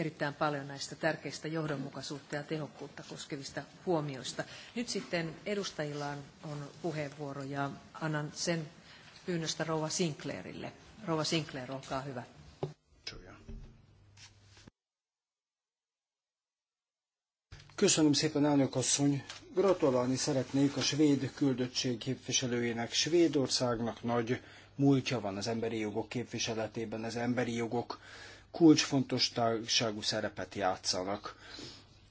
erittäin paljon näistä tärkeistä johdonmukaisuutta ja tehokkuutta koskevista huomioista. Nyt sitten edustajilla on puheenvuoro ja annan sen pyynnöstä Rouva Sinclairille. Rouva Sinclair, olkaa hyvä. Köszönöm szépen, elnök asszony! Gratulálni szeretnék a svéd küldöttség képviselőjének. Svédországnak nagy múltja van az emberi jogok képviseletében, az emberi jogok kulcsfontosságú szerepet játszanak.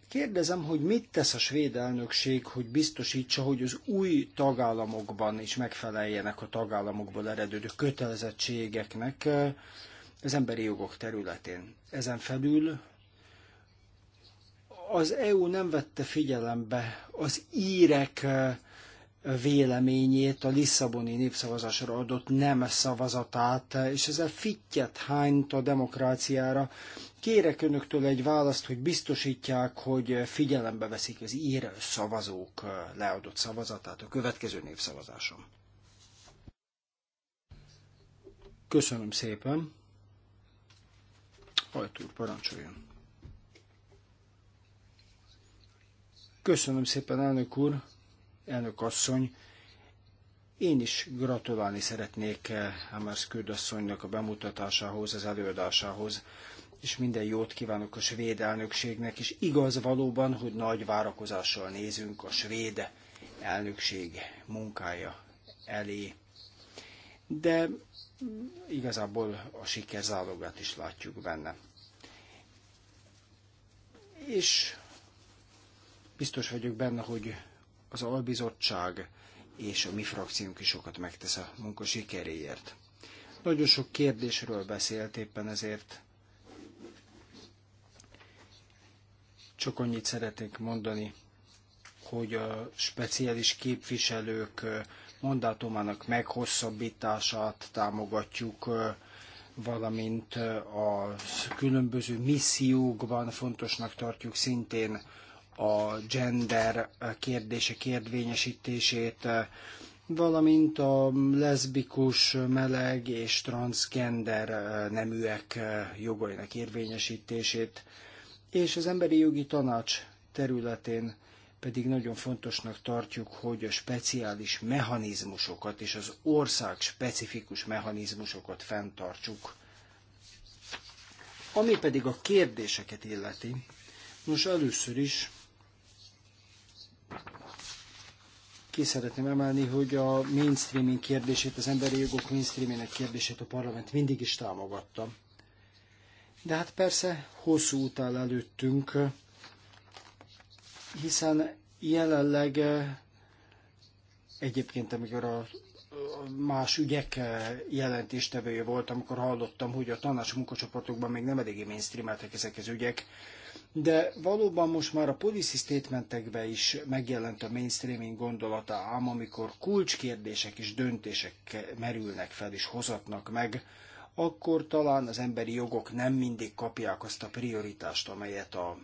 Kérdezem, hogy mit tesz a svéd elnökség, hogy biztosítsa, hogy az új tagállamokban is megfeleljenek a tagállamokból eredő kötelezettségeknek eh, az emberi jogok területén. Ezen felül az EU nem vette figyelembe az írek eh, véleményét, a Lisszaboni népszavazásra adott nem szavazatát, és ezzel fittyet hányt a demokráciára. Kérek önöktől egy választ, hogy biztosítják, hogy figyelembe veszik az ír szavazók leadott szavazatát a következő népszavazáson. Köszönöm szépen. Hajt úr, parancsoljon. Köszönöm szépen, elnök úr elnök asszony. Én is gratulálni szeretnék eh, Hamas Kürdasszonynak a bemutatásához, az előadásához, és minden jót kívánok a svéd elnökségnek, és igaz valóban, hogy nagy várakozással nézünk a svéd elnökség munkája elé. De igazából a sikerzálogát is látjuk benne. És biztos vagyok benne, hogy az albizottság és a mi frakciónk is sokat megtesz a munka sikeréért. Nagyon sok kérdésről beszélt éppen ezért. Csak annyit szeretnék mondani, hogy a speciális képviselők mandátumának meghosszabbítását támogatjuk, valamint a különböző missziókban fontosnak tartjuk szintén a gender kérdése kérdvényesítését, valamint a leszbikus, meleg és transgender neműek jogainak érvényesítését, és az emberi jogi tanács területén pedig nagyon fontosnak tartjuk, hogy a speciális mechanizmusokat és az ország specifikus mechanizmusokat fenntartsuk. Ami pedig a kérdéseket illeti, most először is ki szeretném emelni, hogy a mainstreaming kérdését, az emberi jogok mainstreamének kérdését a parlament mindig is támogatta. De hát persze hosszú utál előttünk, hiszen jelenleg eh, egyébként, amikor a más ügyek eh, jelentéstevője volt, amikor hallottam, hogy a tanács munkacsoportokban még nem eléggé mainstreameltek ezek az ügyek, de valóban most már a policy statementekben is megjelent a mainstreaming gondolata, ám amikor kulcskérdések és döntések merülnek fel és hozatnak meg, akkor talán az emberi jogok nem mindig kapják azt a prioritást, amelyet a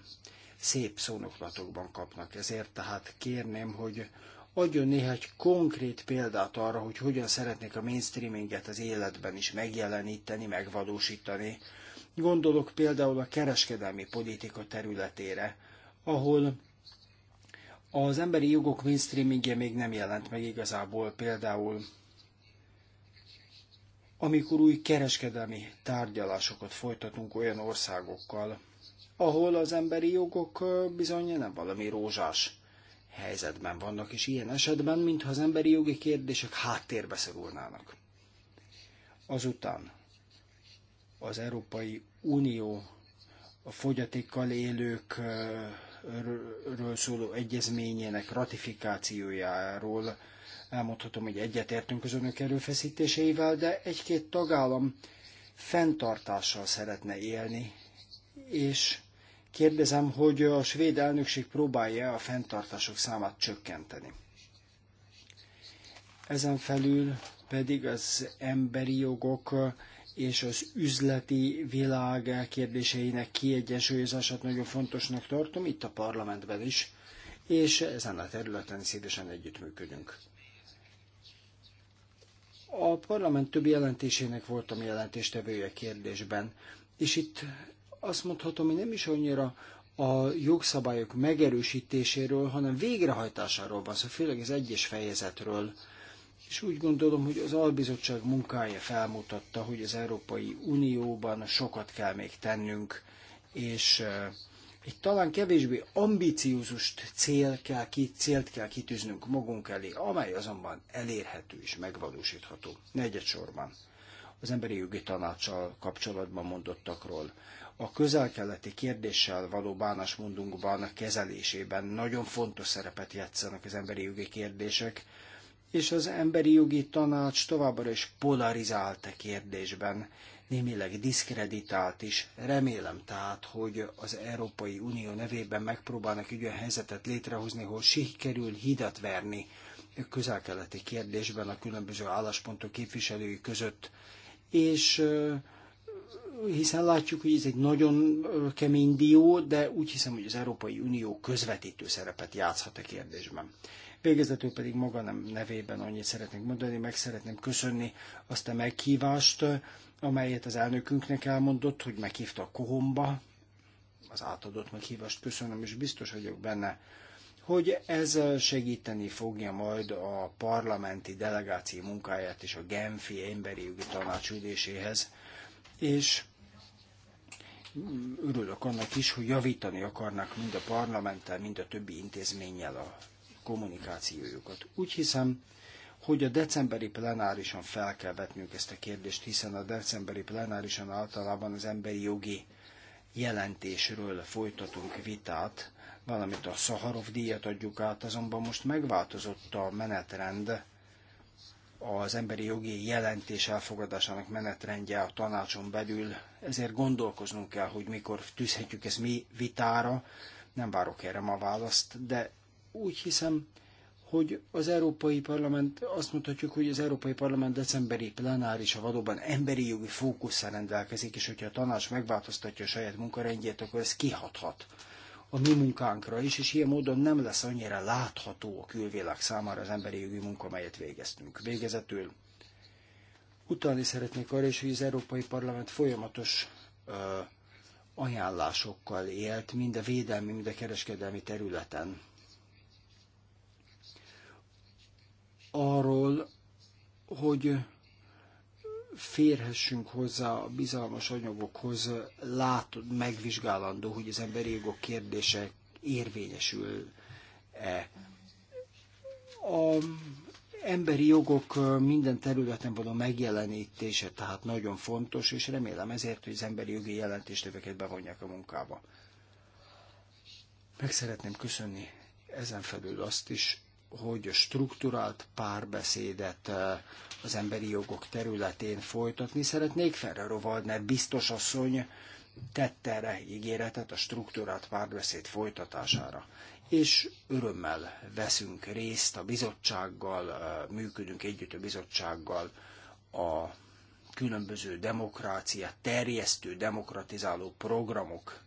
szép szónoklatokban kapnak. Ezért tehát kérném, hogy adjon néhány konkrét példát arra, hogy hogyan szeretnék a mainstreaminget az életben is megjeleníteni, megvalósítani, Gondolok például a kereskedelmi politika területére, ahol az emberi jogok mainstreamingje még nem jelent meg igazából például, amikor új kereskedelmi tárgyalásokat folytatunk olyan országokkal, ahol az emberi jogok bizony nem valami rózsás helyzetben vannak, és ilyen esetben, mintha az emberi jogi kérdések háttérbe szorulnának. Azután az Európai Unió a fogyatékkal élőkről szóló egyezményének ratifikációjáról elmondhatom, hogy egyetértünk az önök erőfeszítéseivel, de egy-két tagállam fenntartással szeretne élni, és kérdezem, hogy a svéd elnökség próbálja a fenntartások számát csökkenteni. Ezen felül pedig az emberi jogok és az üzleti világ kérdéseinek kiegyensúlyozását nagyon fontosnak tartom, itt a parlamentben is, és ezen a területen szívesen együttműködünk. A parlament több jelentésének voltam jelentéstevője kérdésben, és itt azt mondhatom, hogy nem is annyira a jogszabályok megerősítéséről, hanem végrehajtásáról van szó, szóval főleg az egyes fejezetről és úgy gondolom, hogy az albizottság munkája felmutatta, hogy az Európai Unióban sokat kell még tennünk, és egy talán kevésbé ambiciózus cél kell, célt kell kitűznünk magunk elé, amely azonban elérhető és megvalósítható. sorban az emberi jogi tanácssal kapcsolatban mondottakról. A közel-keleti kérdéssel való bánásmondunkban kezelésében nagyon fontos szerepet játszanak az emberi jogi kérdések, és az emberi jogi tanács továbbra is polarizált a e kérdésben, némileg diszkreditált is. Remélem tehát, hogy az Európai Unió nevében megpróbálnak egy olyan helyzetet létrehozni, hogy sikerül hidat verni közel-keleti kérdésben a különböző álláspontok képviselői között. És hiszen látjuk, hogy ez egy nagyon kemény dió, de úgy hiszem, hogy az Európai Unió közvetítő szerepet játszhat a kérdésben. Végezetül pedig maga nem nevében annyit szeretnék mondani, meg szeretném köszönni azt a meghívást, amelyet az elnökünknek elmondott, hogy meghívta a kohomba. Az átadott meghívást köszönöm, és biztos vagyok benne, hogy ez segíteni fogja majd a parlamenti delegáció munkáját és a Genfi Emberi Jogi Tanács üléséhez, és örülök annak is, hogy javítani akarnak mind a parlamenttel, mind a többi intézménnyel a kommunikációjukat. Úgy hiszem, hogy a decemberi plenárison fel kell vetnünk ezt a kérdést, hiszen a decemberi plenárison általában az emberi jogi jelentésről folytatunk vitát, valamint a Szaharov díjat adjuk át, azonban most megváltozott a menetrend, az emberi jogi jelentés elfogadásának menetrendje a tanácson belül, ezért gondolkoznunk kell, hogy mikor tűzhetjük ezt mi vitára, nem várok erre ma választ, de úgy hiszem, hogy az Európai Parlament, azt mondhatjuk, hogy az Európai Parlament decemberi plenáris a valóban emberi jogi fókusszal rendelkezik, és hogyha a tanács megváltoztatja a saját munkarendjét, akkor ez kihathat a mi munkánkra is, és ilyen módon nem lesz annyira látható a külvilág számára az emberi jogi munka, melyet végeztünk. Végezetül utalni szeretnék arra is, hogy az Európai Parlament folyamatos ö, ajánlásokkal élt, mind a védelmi, mind a kereskedelmi területen arról, hogy férhessünk hozzá a bizalmas anyagokhoz, látod, megvizsgálandó, hogy az emberi jogok kérdése érvényesül-e. A emberi jogok minden területen való megjelenítése tehát nagyon fontos, és remélem ezért, hogy az emberi jogi jelentéstöveket bevonják a munkába. Meg szeretném köszönni ezen felül azt is, hogy strukturált párbeszédet eh, az emberi jogok területén folytatni szeretnék. Ferrero Waldner biztos asszony tette erre ígéretet a struktúrált párbeszéd folytatására. És örömmel veszünk részt a bizottsággal, eh, működünk együtt a bizottsággal a különböző demokrácia, terjesztő, demokratizáló programok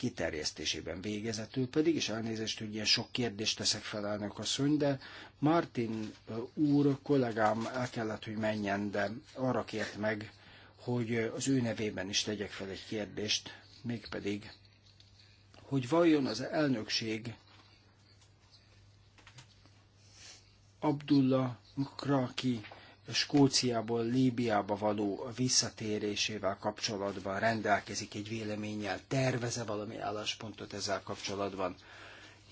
kiterjesztésében végezetül pedig, és elnézést, hogy ilyen sok kérdést teszek fel elnök asszony, de Martin úr, kollégám el kellett, hogy menjen, de arra kért meg, hogy az ő nevében is tegyek fel egy kérdést, mégpedig, hogy vajon az elnökség Abdullah Mukraki Skóciából Líbiába való visszatérésével kapcsolatban rendelkezik egy véleménnyel, terveze valami álláspontot ezzel kapcsolatban,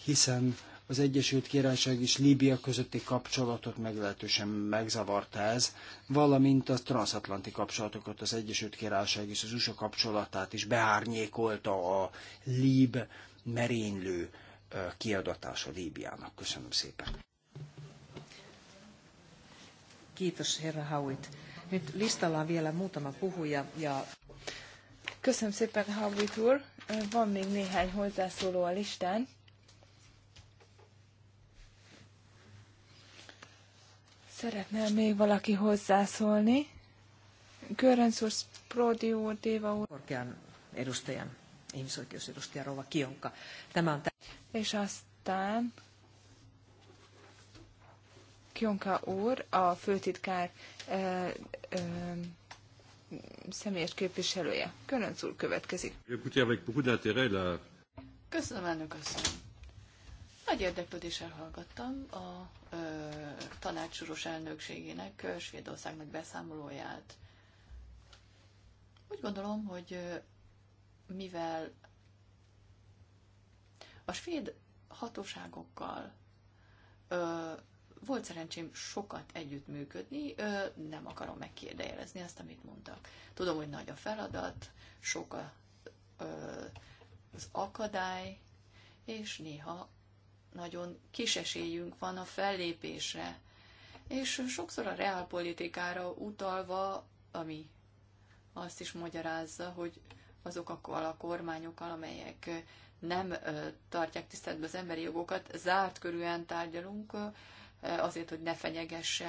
hiszen az Egyesült Királyság és Líbia közötti kapcsolatot meglehetősen megzavarta ez, valamint a transatlanti kapcsolatokat, az Egyesült Királyság és az USA kapcsolatát is beárnyékolta a Lib merénylő kiadatása Líbiának. Köszönöm szépen. Kiitos, herra Hauit. Nyt listalla on vielä muutama puhuja. Ja... Köszönöm szépen, Hauit úr. Van még néhány hozzászóló a listán. Szeretne még valaki hozzászólni? Görönc úr, Prodi úr, Déva úr. Korkean edustajan, ihmisoikeusedustaja Rova Kionka. Tämä on t- És aztán Kionka úr, a főtitkár ö, ö, személyes képviselője. Könönc úr következik. Köszönöm, elnök asszony. Nagy érdeklődéssel hallgattam a ö, tanácsúros elnökségének Svédországnak beszámolóját. Úgy gondolom, hogy mivel a svéd hatóságokkal ö, volt szerencsém sokat együttműködni, nem akarom megkérdejelezni azt, amit mondtak. Tudom, hogy nagy a feladat, sok a, az akadály, és néha nagyon kis esélyünk van a fellépésre, és sokszor a reálpolitikára utalva, ami azt is magyarázza, hogy azokkal a kormányokkal, amelyek nem tartják tiszteletbe az emberi jogokat, zárt körülön tárgyalunk, azért, hogy ne fenyegesse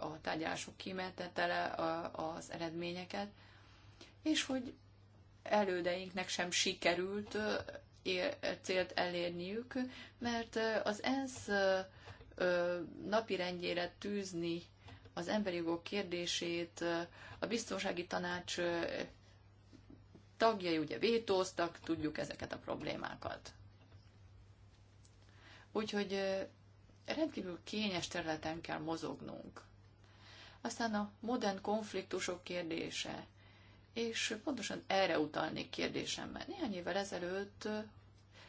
a tárgyalások kimentetele az eredményeket, és hogy elődeinknek sem sikerült célt elérniük, mert az ENSZ rendjére tűzni az emberi jogok kérdését, a biztonsági tanács tagjai ugye vétóztak, tudjuk ezeket a problémákat. Úgyhogy rendkívül kényes területen kell mozognunk. Aztán a modern konfliktusok kérdése, és pontosan erre utalnék kérdésemben. Néhány évvel ezelőtt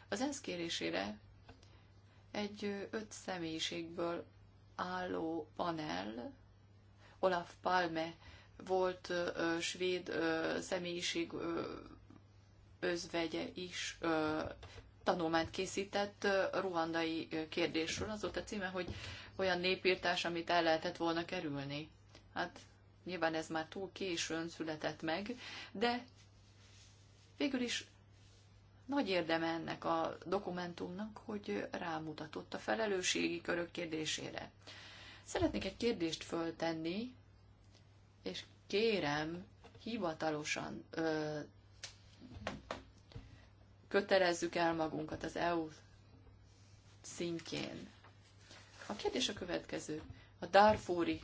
az ENSZ kérésére egy öt személyiségből álló panel, Olaf Palme volt ö, svéd ö, személyiség ö, özvegye is ö, tanulmányt készített ruandai kérdésről. Az volt a címe, hogy olyan népírtás, amit el lehetett volna kerülni. Hát nyilván ez már túl későn született meg, de végül is nagy érdeme ennek a dokumentumnak, hogy rámutatott a felelősségi körök kérdésére. Szeretnék egy kérdést föltenni, és kérem, hivatalosan ö, kötelezzük el magunkat az EU szintjén. A kérdés a következő. A Darfúri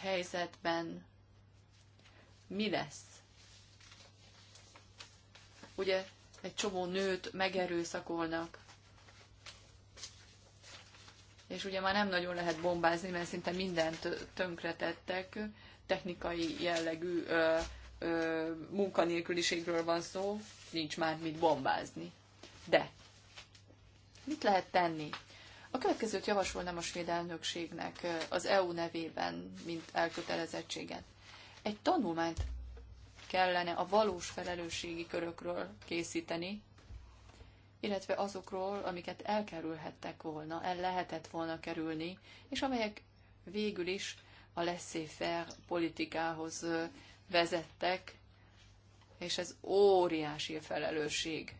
helyzetben mi lesz? Ugye egy csomó nőt megerőszakolnak, és ugye már nem nagyon lehet bombázni, mert szinte mindent tönkretettek, technikai jellegű ö, ö, munkanélküliségről van szó, nincs már mit bombázni. De mit lehet tenni? A következőt javasolnám a svéd elnökségnek az EU nevében, mint elkötelezettséget. Egy tanulmányt kellene a valós felelősségi körökről készíteni, illetve azokról, amiket elkerülhettek volna, el lehetett volna kerülni, és amelyek végül is a laissez-faire politikához vezettek, és ez óriási felelősség.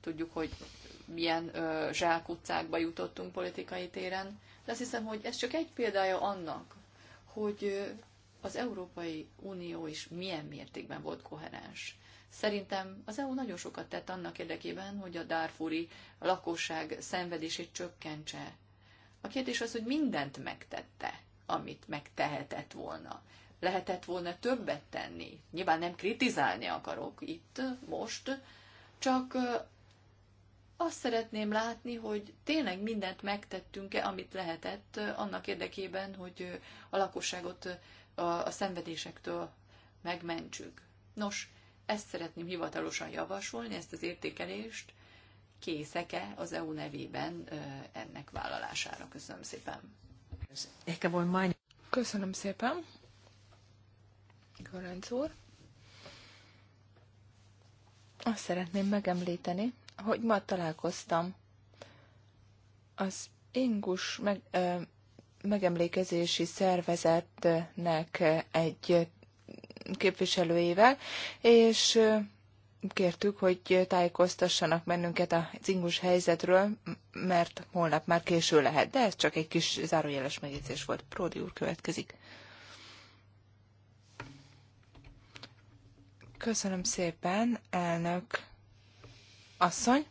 Tudjuk, hogy milyen ö, zsákutcákba jutottunk politikai téren, de azt hiszem, hogy ez csak egy példája annak, hogy az Európai Unió is milyen mértékben volt koherens. Szerintem az EU nagyon sokat tett annak érdekében, hogy a Darfuri lakosság szenvedését csökkentse. A kérdés az, hogy mindent megtette, amit megtehetett volna lehetett volna többet tenni. Nyilván nem kritizálni akarok itt, most, csak azt szeretném látni, hogy tényleg mindent megtettünk-e, amit lehetett annak érdekében, hogy a lakosságot a, szenvedésektől megmentsük. Nos, ezt szeretném hivatalosan javasolni, ezt az értékelést. Készek-e az EU nevében ennek vállalására? Köszönöm szépen. Köszönöm szépen. Görönc úr. Azt szeretném megemlíteni, hogy ma találkoztam az Ingus meg, ö, megemlékezési szervezetnek egy képviselőjével, és kértük, hogy tájékoztassanak bennünket az ingus helyzetről, mert holnap már késő lehet, de ez csak egy kis zárójeles megjegyzés volt. Pródi úr következik. Köszönöm szépen, elnök asszony.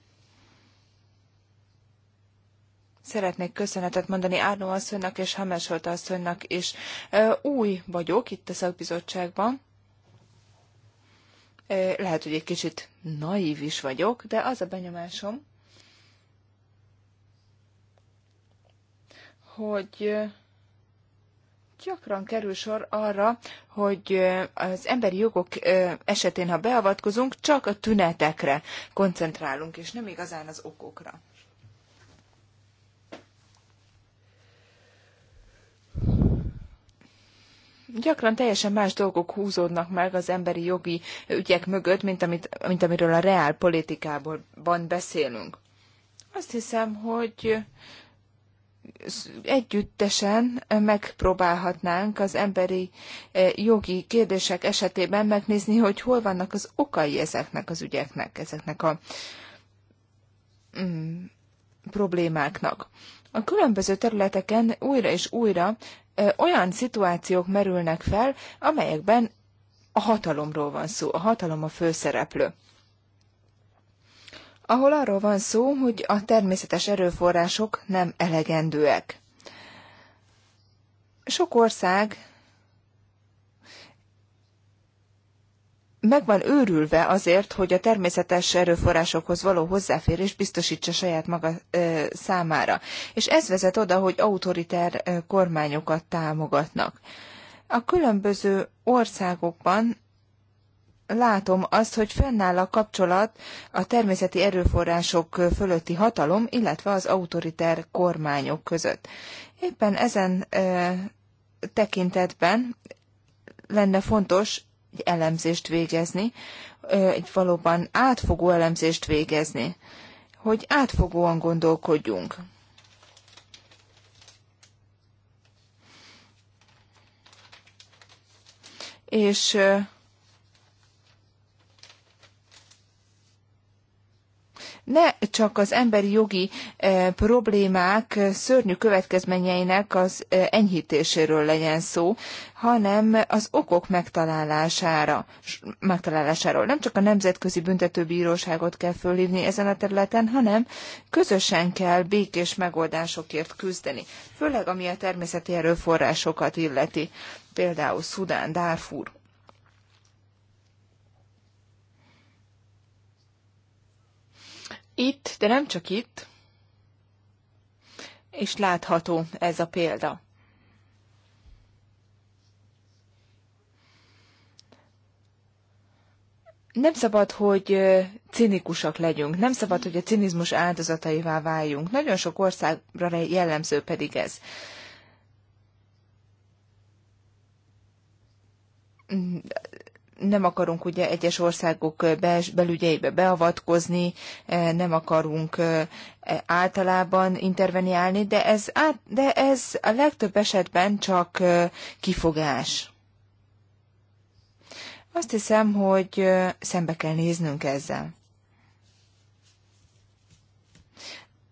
Szeretnék köszönetet mondani Árnó asszonynak és Hamesolt asszonynak is. Új vagyok itt a szakbizottságban. Lehet, hogy egy kicsit naív is vagyok, de az a benyomásom, hogy gyakran kerül sor arra, hogy az emberi jogok esetén, ha beavatkozunk, csak a tünetekre koncentrálunk, és nem igazán az okokra. Gyakran teljesen más dolgok húzódnak meg az emberi jogi ügyek mögött, mint, amit, mint amiről a reál beszélünk. Azt hiszem, hogy együttesen megpróbálhatnánk az emberi e, jogi kérdések esetében megnézni, hogy hol vannak az okai ezeknek az ügyeknek, ezeknek a mm, problémáknak. A különböző területeken újra és újra e, olyan szituációk merülnek fel, amelyekben a hatalomról van szó, a hatalom a főszereplő ahol arról van szó, hogy a természetes erőforrások nem elegendőek. Sok ország meg van őrülve azért, hogy a természetes erőforrásokhoz való hozzáférés biztosítsa saját maga számára. És ez vezet oda, hogy autoriter kormányokat támogatnak. A különböző országokban látom azt, hogy fennáll a kapcsolat a természeti erőforrások fölötti hatalom, illetve az autoriter kormányok között. Éppen ezen tekintetben lenne fontos egy elemzést végezni, egy valóban átfogó elemzést végezni, hogy átfogóan gondolkodjunk. És ne csak az emberi jogi e, problémák e, szörnyű következményeinek az e, enyhítéséről legyen szó, hanem az okok megtalálására, megtalálásáról. Nem csak a Nemzetközi Büntetőbíróságot kell fölhívni ezen a területen, hanem közösen kell békés megoldásokért küzdeni, főleg ami a természeti erőforrásokat illeti, például Szudán, Darfur. Itt, de nem csak itt, és látható ez a példa. nem szabad, hogy cinikusak legyünk, nem szabad, hogy a cinizmus áldozataivá váljunk. Nagyon sok országra jellemző pedig ez nem akarunk ugye egyes országok belügyeibe beavatkozni, eh, nem akarunk eh, általában interveniálni, de ez, át, de ez a legtöbb esetben csak eh, kifogás. Azt hiszem, hogy szembe kell néznünk ezzel.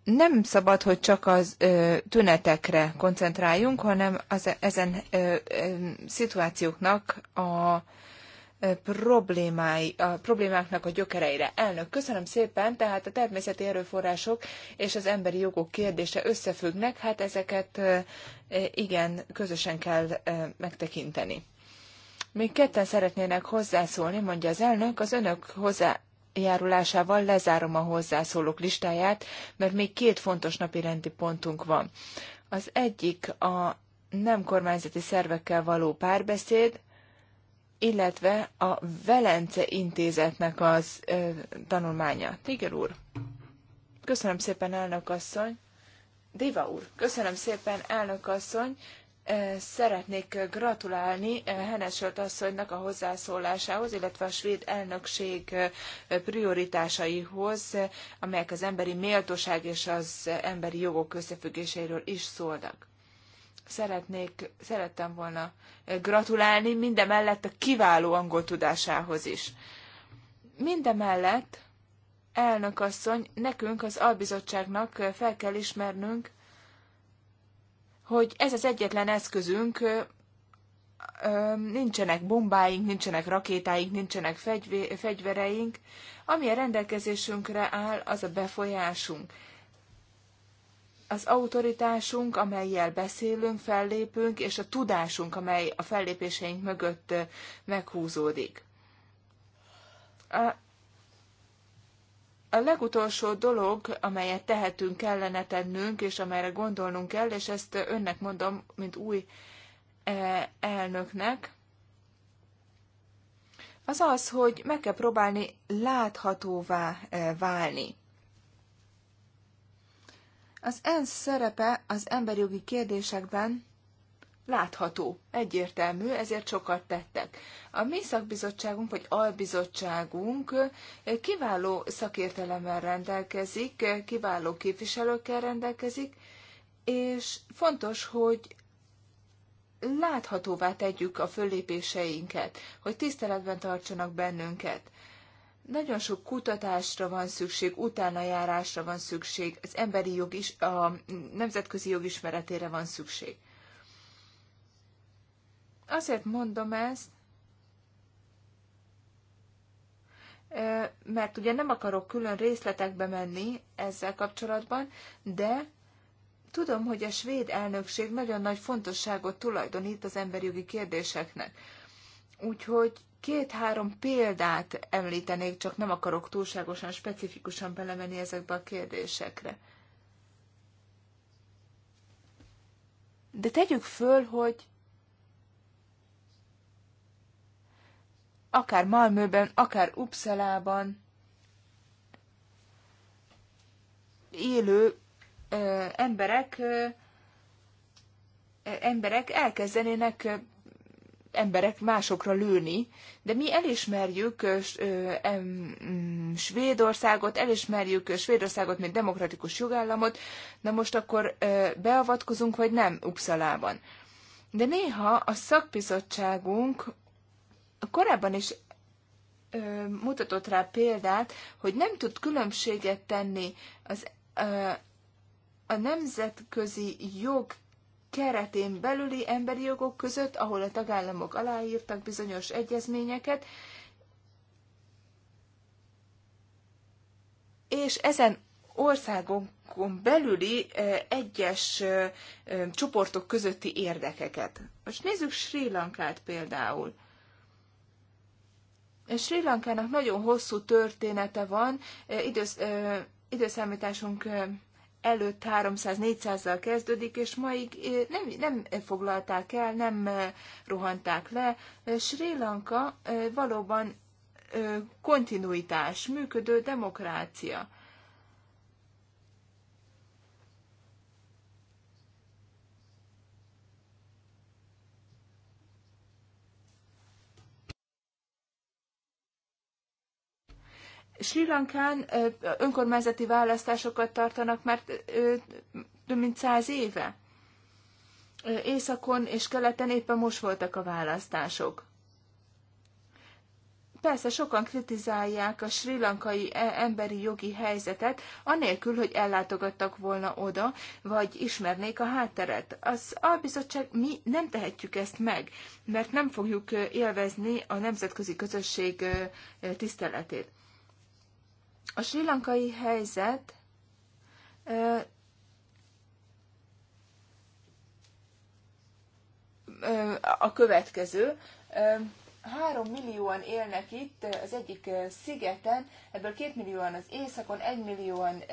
nem szabad, hogy csak az ö, tünetekre koncentráljunk, hanem az, e-, ezen ö, ö, szituációknak a problémái, a problémáknak a gyökereire. Elnök, köszönöm szépen, tehát a természeti erőforrások és az emberi jogok kérdése összefüggnek, hát ezeket igen, közösen kell megtekinteni. Még ketten szeretnének hozzászólni, mondja az elnök, az önök hozzá járulásával lezárom a hozzászólók listáját, mert még két fontos napi rendi pontunk van. Az egyik a nem kormányzati szervekkel való párbeszéd, illetve a Velence Intézetnek az tanulmánya. Tiger úr, köszönöm szépen, elnök asszony. Diva úr, köszönöm szépen, elnök asszony. Szeretnék gratulálni Henesölt asszonynak a hozzászólásához, illetve a svéd elnökség prioritásaihoz, amelyek az emberi méltóság és az emberi jogok összefüggéséről is szólnak szeretnék, szerettem volna gratulálni mindemellett a kiváló angol tudásához is. Mindemellett, elnök asszony, nekünk az albizottságnak fel kell ismernünk, hogy ez az egyetlen eszközünk, nincsenek bombáink, nincsenek rakétáink, nincsenek fegyvereink, ami a rendelkezésünkre áll, az a befolyásunk az autoritásunk, amelyel beszélünk, fellépünk, és a tudásunk, amely a fellépéseink mögött meghúzódik. A, a legutolsó dolog, amelyet tehetünk, kellene tennünk, és amelyre gondolnunk kell, és ezt önnek mondom, mint új e, elnöknek, az az, hogy meg kell próbálni láthatóvá e, válni az ENSZ szerepe az emberi jogi kérdésekben látható, egyértelmű, ezért sokat tettek. A mi szakbizottságunk, vagy albizottságunk kiváló szakértelemmel rendelkezik, kiváló képviselőkkel rendelkezik, és fontos, hogy láthatóvá tegyük a föllépéseinket, hogy tiszteletben tartsanak bennünket. Nagyon sok kutatásra van szükség, utánajárásra van szükség, az emberi jog is, a nemzetközi jog ismeretére van szükség. Azért mondom ezt, mert ugye nem akarok külön részletekbe menni ezzel kapcsolatban, de tudom, hogy a svéd elnökség nagyon nagy fontosságot tulajdonít az emberi jogi kérdéseknek. Úgyhogy Két-három példát említenék, csak nem akarok túlságosan specifikusan belemenni ezekbe a kérdésekre. De tegyük föl, hogy akár Malmöben, akár Uppsalában élő ö, emberek ö, emberek elkezdenének emberek másokra lőni, de mi elismerjük mm, Svédországot, elismerjük Svédországot, mint demokratikus jogállamot, na most akkor beavatkozunk, vagy nem Uppsalában. De néha a szakbizottságunk korábban is mutatott rá példát, hogy nem tud különbséget tenni az, a nemzetközi jog keretén belüli emberi jogok között, ahol a tagállamok aláírtak bizonyos egyezményeket, és ezen országokon belüli egyes csoportok közötti érdekeket. Most nézzük Sri Lankát például. Sri Lankának nagyon hosszú története van, idősz, időszámításunk előtt 300-400-zal kezdődik, és maig eh, nem, nem foglalták el, nem eh, rohanták le. Eh, Sri Lanka valóban kontinuitás, működő demokrácia. Sri Lankán önkormányzati választásokat tartanak már több mint száz éve. Északon és keleten éppen most voltak a választások. Persze sokan kritizálják a sri lankai e, emberi jogi helyzetet, anélkül, hogy ellátogattak volna oda, vagy ismernék a hátteret. Az albizottság mi nem tehetjük ezt meg, mert nem fogjuk élvezni a nemzetközi közösség tiszteletét. A sri lankai helyzet a következő. Három millióan élnek itt az egyik szigeten, ebből két millióan az északon, egy millióan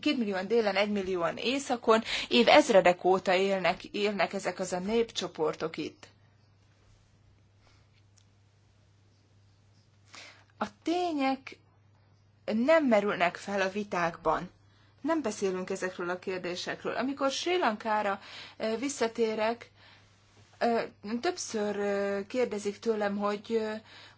két millióan délen, egy millióan északon, év ezredek óta élnek, élnek ezek az a népcsoportok itt. A tények nem merülnek fel a vitákban. Nem beszélünk ezekről a kérdésekről. Amikor Sri Lankára eh, visszatérek, Többször kérdezik tőlem, hogy,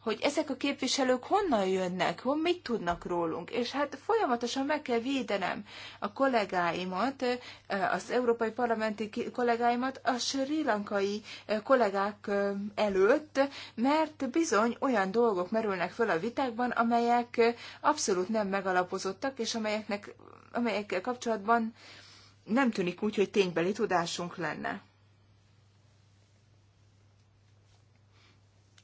hogy ezek a képviselők honnan jönnek, hon mit tudnak rólunk, és hát folyamatosan meg kell védenem a kollégáimat, az európai parlamenti kollégáimat a sri lankai kollégák előtt, mert bizony olyan dolgok merülnek föl a vitákban, amelyek abszolút nem megalapozottak, és amelyeknek, amelyekkel kapcsolatban nem tűnik úgy, hogy ténybeli tudásunk lenne.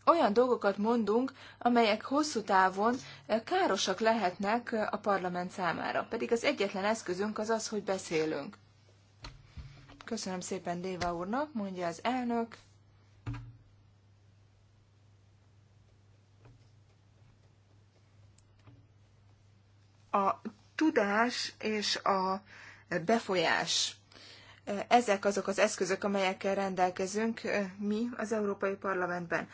olyan dolgokat mondunk, amelyek hosszú távon eh, károsak lehetnek eh, a parlament számára. Pedig az egyetlen eszközünk az az, hogy beszélünk. Köszönöm szépen Déva úrnak, mondja az elnök. A tudás és a befolyás. Eh, ezek azok az eszközök, amelyekkel rendelkezünk mi az Európai Parlamentben.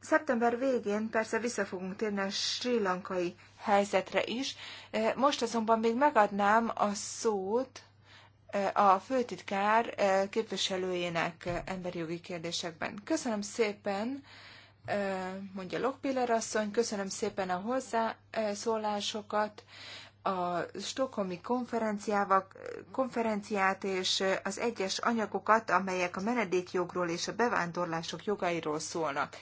Szeptember végén persze vissza fogunk térni a sri lankai helyzetre is. Most azonban még megadnám a szót a főtitkár képviselőjének emberi jogi kérdésekben. Köszönöm szépen, mondja Lokpiller asszony, köszönöm szépen a hozzászólásokat a konferenciával, konferenciát és az egyes anyagokat, amelyek a menedékjogról és a bevándorlások jogairól szólnak.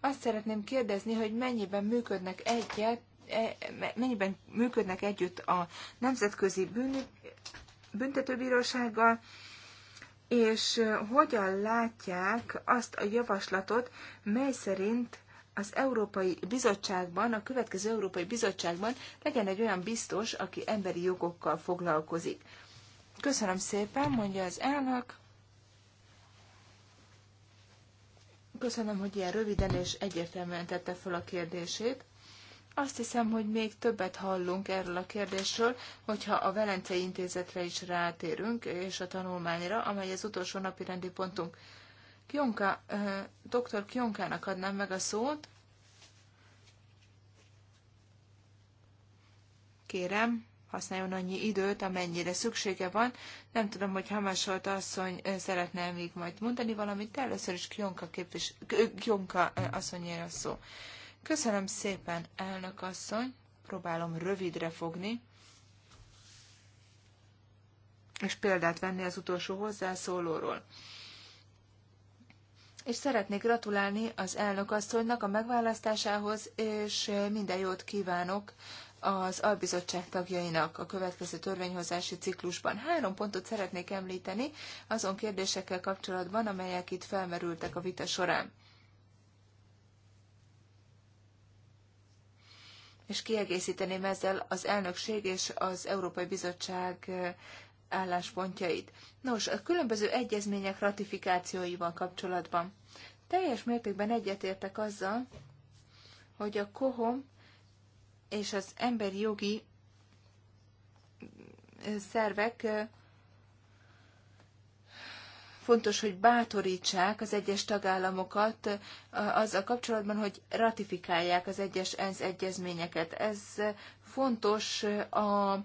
Azt szeretném kérdezni, hogy mennyiben működnek egyet, e- mennyiben működnek együtt a Nemzetközi Bűn, Büntetőbírósággal, és hogyan látják azt a javaslatot, mely szerint az Európai Bizottságban, a következő Európai Bizottságban legyen egy olyan biztos, aki emberi jogokkal foglalkozik. Köszönöm szépen, mondja az elnök. Köszönöm, hogy ilyen röviden és egyértelműen tette fel a kérdését. Azt hiszem, hogy még többet hallunk erről a kérdésről, hogyha a Velencei Intézetre is rátérünk, és a tanulmányra, amely az utolsó napi rendi pontunk. Kionka, Doktor Kionkának adnám meg a szót. Kérem, használjon annyi időt, amennyire szüksége van. Nem tudom, hogy Hamasolt asszony szeretne még majd mondani valamit, de először is Kionka, képvis, Kionka asszonyére a szó. Köszönöm szépen, elnök asszony. Próbálom rövidre fogni, és példát venni az utolsó hozzászólóról és szeretnék gratulálni az elnök asszonynak a megválasztásához, és minden jót kívánok az albizottság tagjainak a következő törvényhozási ciklusban. Három pontot szeretnék említeni azon kérdésekkel kapcsolatban, amelyek itt felmerültek a vita során. És kiegészíteném ezzel az elnökség és az Európai Bizottság álláspontjait. Nos, a különböző egyezmények ratifikációival kapcsolatban. Teljes mértékben egyetértek azzal, hogy a kohom és az emberi jogi szervek fontos, hogy bátorítsák az egyes tagállamokat azzal kapcsolatban, hogy ratifikálják az egyes ENSZ egyezményeket. Ez fontos a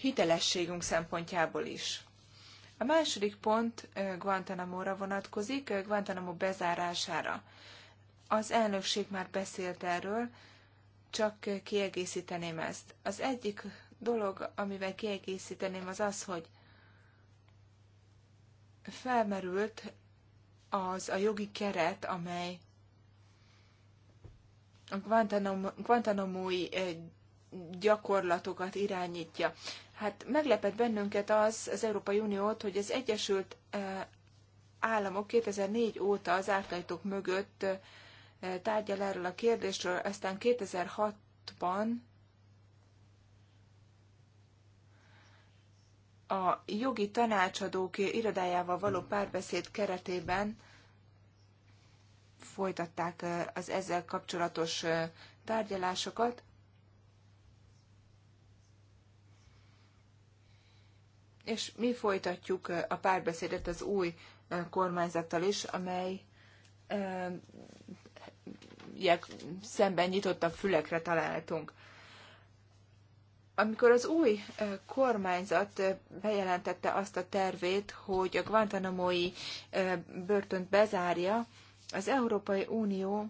hitelességünk szempontjából is. A második pont Guantanamo-ra vonatkozik, Guantanamo bezárására. Az elnökség már beszélt erről, csak kiegészíteném ezt. Az egyik dolog, amivel kiegészíteném, az az, hogy felmerült az a jogi keret, amely a Guantanamo-i gyakorlatokat irányítja. Hát meglepett bennünket az, az Európai Uniót, hogy az Egyesült eh, Államok 2004 óta az ártajtók mögött eh, tárgyal erről a kérdésről, aztán 2006-ban a jogi tanácsadók irodájával való párbeszéd keretében folytatták eh, az ezzel kapcsolatos tárgyalásokat. és mi folytatjuk a párbeszédet az új kormányzattal is, amely szemben nyitottabb fülekre találtunk. Amikor az új kormányzat bejelentette azt a tervét, hogy a Guantanamo-i börtönt bezárja, az Európai Unió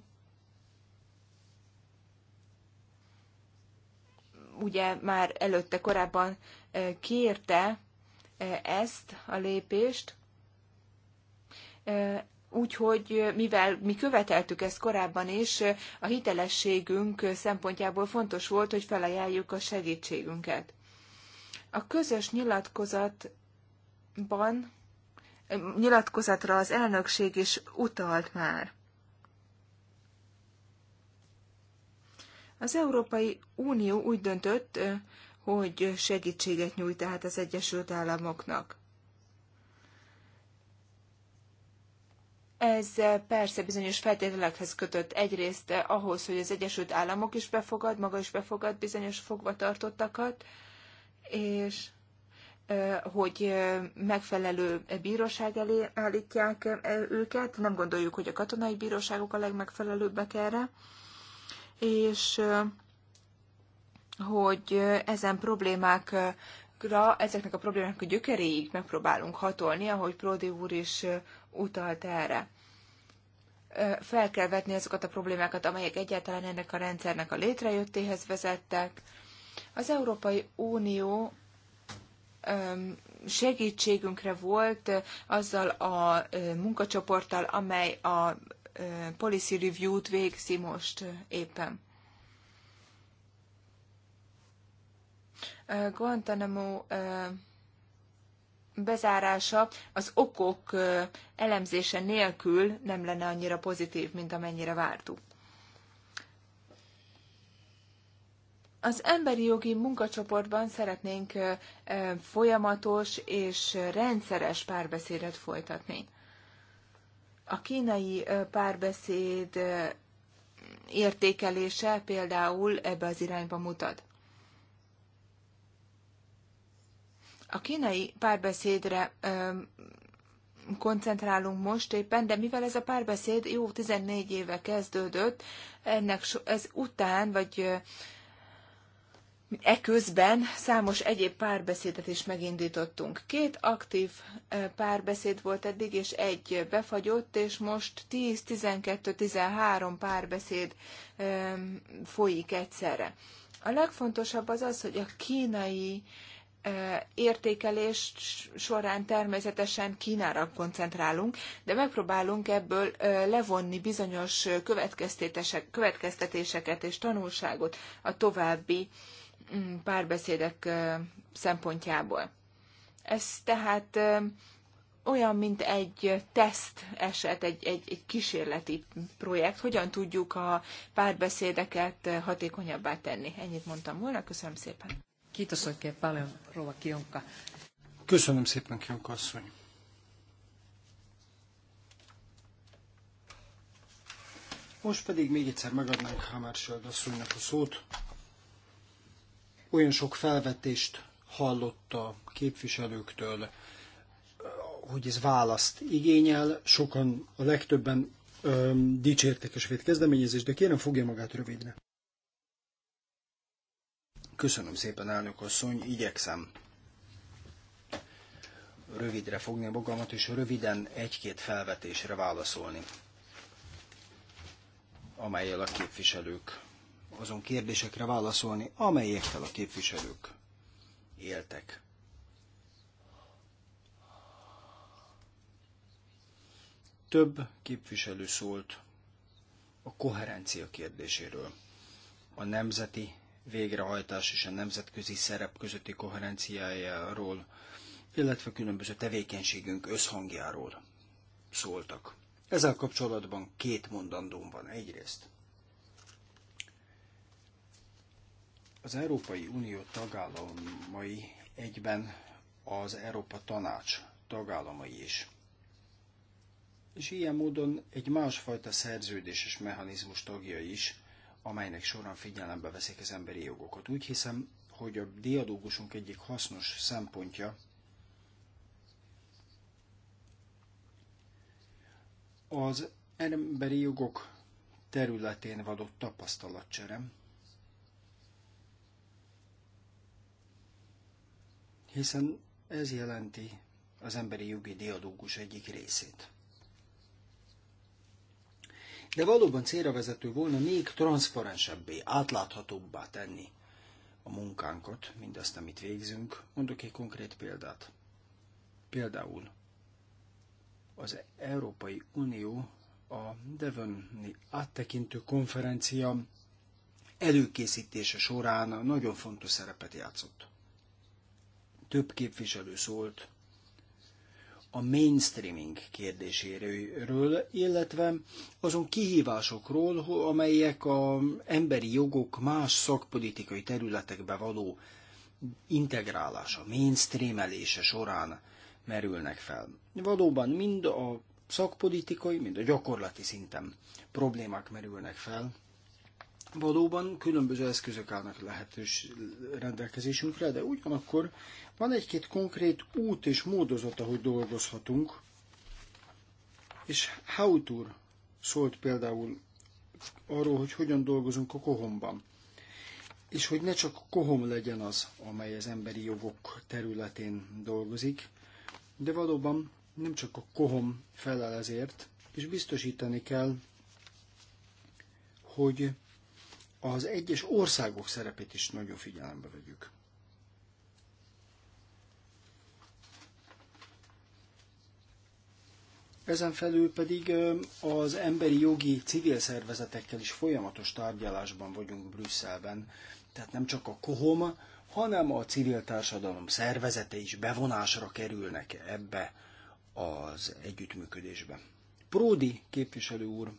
ugye már előtte korábban kérte ezt a lépést, Úgyhogy mivel mi követeltük ezt korábban is, a hitelességünk szempontjából fontos volt, hogy felajánljuk a segítségünket. A közös nyilatkozatban, nyilatkozatra az elnökség is utalt már. Az Európai Unió úgy döntött, hogy segítséget nyújt tehát az Egyesült Államoknak. Ez persze bizonyos feltételekhez kötött egyrészt ahhoz, hogy az Egyesült Államok is befogad, maga is befogad bizonyos fogvatartottakat, és hogy megfelelő bíróság elé állítják őket. Nem gondoljuk, hogy a katonai bíróságok a legmegfelelőbbek erre. És hogy ezen problémák ezeknek a problémáknak a gyökeréig megpróbálunk hatolni, ahogy Pródi úr is utalt erre. Fel kell vetni azokat a problémákat, amelyek egyáltalán ennek a rendszernek a létrejöttéhez vezettek. Az Európai Unió segítségünkre volt azzal a munkacsoporttal, amely a policy review-t végzi most éppen. Guantanamo bezárása az okok elemzése nélkül nem lenne annyira pozitív, mint amennyire vártuk. Az emberi jogi munkacsoportban szeretnénk folyamatos és rendszeres párbeszédet folytatni. A kínai párbeszéd értékelése például ebbe az irányba mutat. A kínai párbeszédre koncentrálunk most éppen, de mivel ez a párbeszéd jó 14 éve kezdődött, ennek ez után, vagy Eközben számos egyéb párbeszédet is megindítottunk. Két aktív párbeszéd volt eddig, és egy befagyott, és most 10-12-13 párbeszéd folyik egyszerre. A legfontosabb az az, hogy a kínai értékelés során természetesen Kínára koncentrálunk, de megpróbálunk ebből levonni bizonyos következtetéseket és tanulságot a további mm, párbeszédek szempontjából. Ez tehát olyan, mint egy teszt eset, egy, egy, egy kísérleti projekt, hogyan tudjuk a párbeszédeket hatékonyabbá tenni. Ennyit mondtam volna, köszönöm szépen. Kiitos oikein paljon, Rova Kionka. Köszönöm szépen, Kionka asszony. Most pedig még egyszer megadnánk Hamársöld asszonynak a szót. Olyan sok felvetést hallott a képviselőktől, hogy ez választ igényel. Sokan, a legtöbben öm, dicsérték a svéd kezdeményezést, de kérem fogja magát rövidre. Köszönöm szépen, elnök asszony, igyekszem rövidre fogni magamat, és röviden egy-két felvetésre válaszolni, amelyel a képviselők azon kérdésekre válaszolni, amelyekkel a képviselők éltek. Több képviselő szólt a koherencia kérdéséről, a nemzeti végrehajtás és a nemzetközi szerep közötti koherenciájáról, illetve különböző tevékenységünk összhangjáról szóltak. Ezzel kapcsolatban két mondandóm van. Egyrészt az Európai Unió tagállamai egyben az Európa Tanács tagállamai is. És ilyen módon egy másfajta szerződéses mechanizmus tagja is, amelynek során figyelembe veszik az emberi jogokat. Úgy hiszem, hogy a dialógusunk egyik hasznos szempontja az emberi jogok területén való tapasztalatcserem, hiszen ez jelenti az emberi jogi dialógus egyik részét de valóban célra vezető volna még transzparensebbé, átláthatóbbá tenni a munkánkat, mindazt, amit végzünk. Mondok egy konkrét példát. Például az Európai Unió a Devonni áttekintő konferencia előkészítése során nagyon fontos szerepet játszott. Több képviselő szólt a mainstreaming kérdéséről, illetve azon kihívásokról, amelyek az emberi jogok más szakpolitikai területekbe való integrálása, mainstreamelése során merülnek fel. Valóban mind a szakpolitikai, mind a gyakorlati szinten problémák merülnek fel. Valóban különböző eszközök állnak lehetős rendelkezésünkre, de ugyanakkor van egy-két konkrét út és módozat, ahogy dolgozhatunk, és Hautur szólt például arról, hogy hogyan dolgozunk a kohomban, és hogy ne csak kohom legyen az, amely az emberi jogok területén dolgozik, de valóban nem csak a kohom felel ezért, és biztosítani kell, hogy az egyes országok szerepét is nagyon figyelembe vegyük. Ezen felül pedig az emberi jogi civil szervezetekkel is folyamatos tárgyalásban vagyunk Brüsszelben. Tehát nem csak a kohom, hanem a civil társadalom szervezete is bevonásra kerülnek ebbe az együttműködésbe. Pródi képviselő úr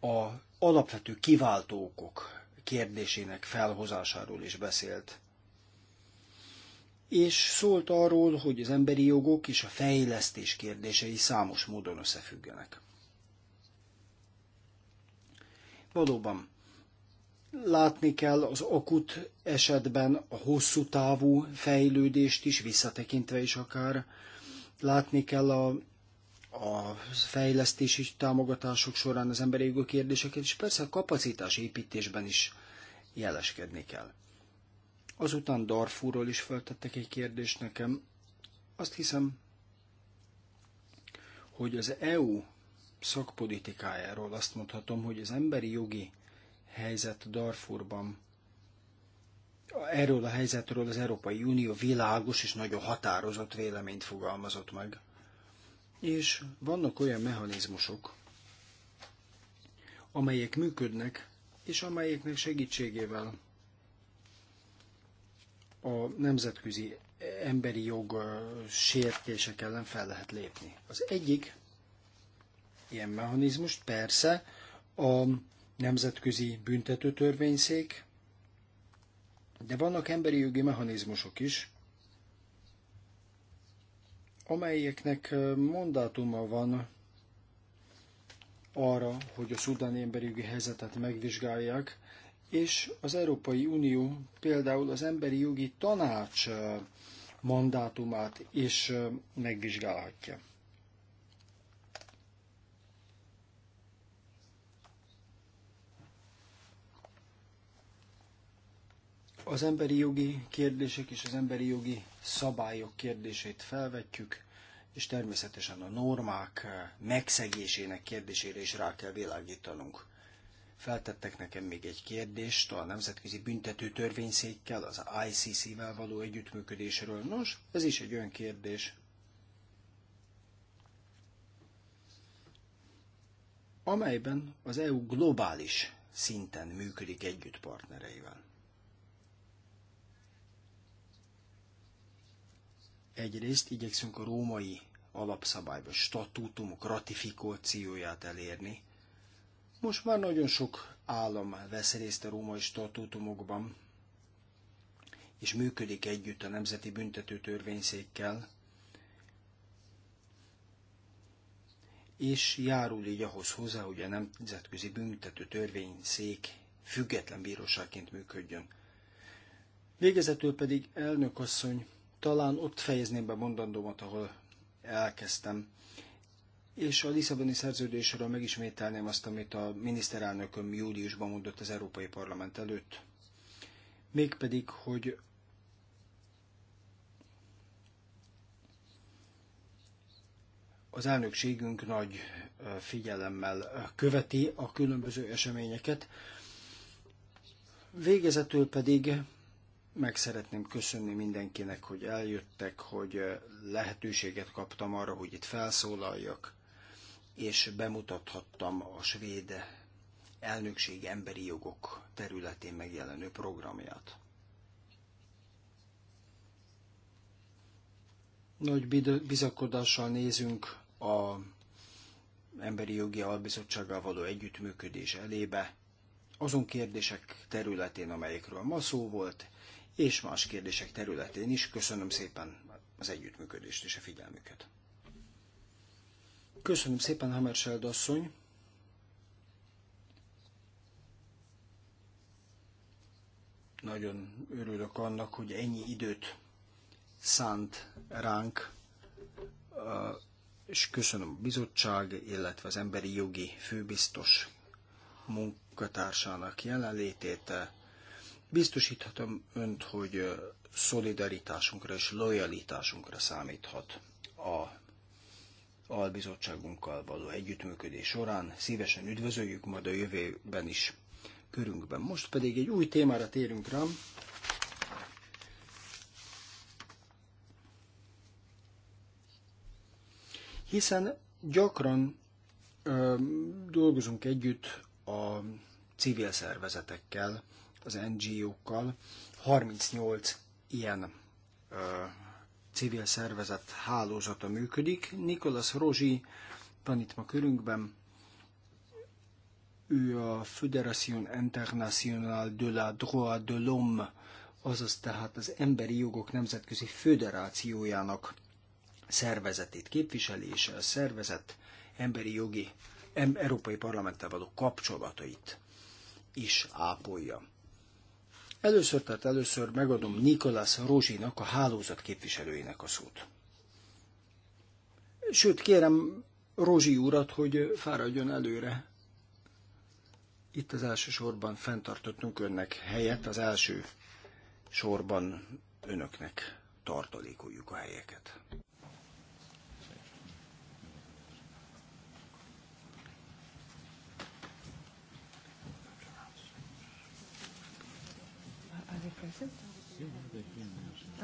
a alapvető kiváltókok kérdésének felhozásáról is beszélt és szólt arról, hogy az emberi jogok és a fejlesztés kérdései számos módon összefüggenek. Valóban, látni kell az akut esetben a hosszú távú fejlődést is, visszatekintve is akár. Látni kell a, a fejlesztési támogatások során az emberi jogok kérdéseket, és persze a kapacitás építésben is jeleskedni kell. Azután Darfurról is feltettek egy kérdést nekem. Azt hiszem, hogy az EU szakpolitikájáról azt mondhatom, hogy az emberi jogi helyzet Darfurban, erről a helyzetről az Európai Unió világos és nagyon határozott véleményt fogalmazott meg. És vannak olyan mechanizmusok, amelyek működnek, és amelyeknek segítségével a nemzetközi emberi jog sértések ellen fel lehet lépni. Az egyik ilyen mechanizmus persze a Nemzetközi Büntetőtörvényszék, de vannak emberi jogi mechanizmusok is, amelyeknek mandátuma van arra, hogy a szudáni emberi jogi helyzetet megvizsgálják, és az Európai Unió például az emberi jogi tanács mandátumát is megvizsgálhatja. Az emberi jogi kérdések és az emberi jogi szabályok kérdését felvetjük, és természetesen a normák megszegésének kérdésére is rá kell világítanunk. Feltettek nekem még egy kérdést a Nemzetközi Büntető Törvényszékkel, az ICC-vel való együttműködésről. Nos, ez is egy olyan kérdés, amelyben az EU globális szinten működik együtt partnereivel. Egyrészt igyekszünk a római alapszabályba, statútumok ratifikációját elérni, most már nagyon sok állam vesz részt a római statútumokban, és működik együtt a Nemzeti Büntető Törvényszékkel, és járul így ahhoz hozzá, hogy a Nemzetközi Büntető Törvényszék független bíróságként működjön. Végezetül pedig elnökasszony, talán ott fejezném be mondandómat, ahol elkezdtem és a Lisszaboni szerződésről megismételném azt, amit a miniszterelnököm júliusban mondott az Európai Parlament előtt, mégpedig, hogy az elnökségünk nagy figyelemmel követi a különböző eseményeket. Végezetül pedig meg szeretném köszönni mindenkinek, hogy eljöttek, hogy lehetőséget kaptam arra, hogy itt felszólaljak és bemutathattam a svéd elnökség emberi jogok területén megjelenő programját. Nagy bizakodással nézünk a Emberi Jogi Albizottsággal való együttműködés elébe, azon kérdések területén, amelyekről ma szó volt, és más kérdések területén is. Köszönöm szépen az együttműködést és a figyelmüket. Köszönöm szépen, Hammerseld asszony. Nagyon örülök annak, hogy ennyi időt szánt ránk, eh, és köszönöm a bizottság, illetve az emberi jogi főbiztos munkatársának jelenlétét. Biztosíthatom önt, hogy szolidaritásunkra és lojalitásunkra számíthat a albizottságunkkal való együttműködés során. Szívesen üdvözöljük majd a jövőben is körünkben. Most pedig egy új témára térünk rám. Hiszen gyakran ö, dolgozunk együtt a civil szervezetekkel, az NGO-kkal. 38 ilyen ö, civil szervezet hálózata működik. Nikolas Rozsi van itt ma körünkben, ő a Fédération International de la Droit de l'Homme, azaz tehát az Emberi Jogok Nemzetközi Föderációjának szervezetét képviseli, és a szervezet emberi jogi, Európai Parlamenttel való kapcsolatait is ápolja. Először, tehát először megadom Nikolász Rózsinak, a hálózat képviselőjének a szót. Sőt, kérem Rózsi úrat, hogy fáradjon előre. Itt az első sorban fenntartottunk önnek helyet, az első sorban önöknek tartalékoljuk a helyeket.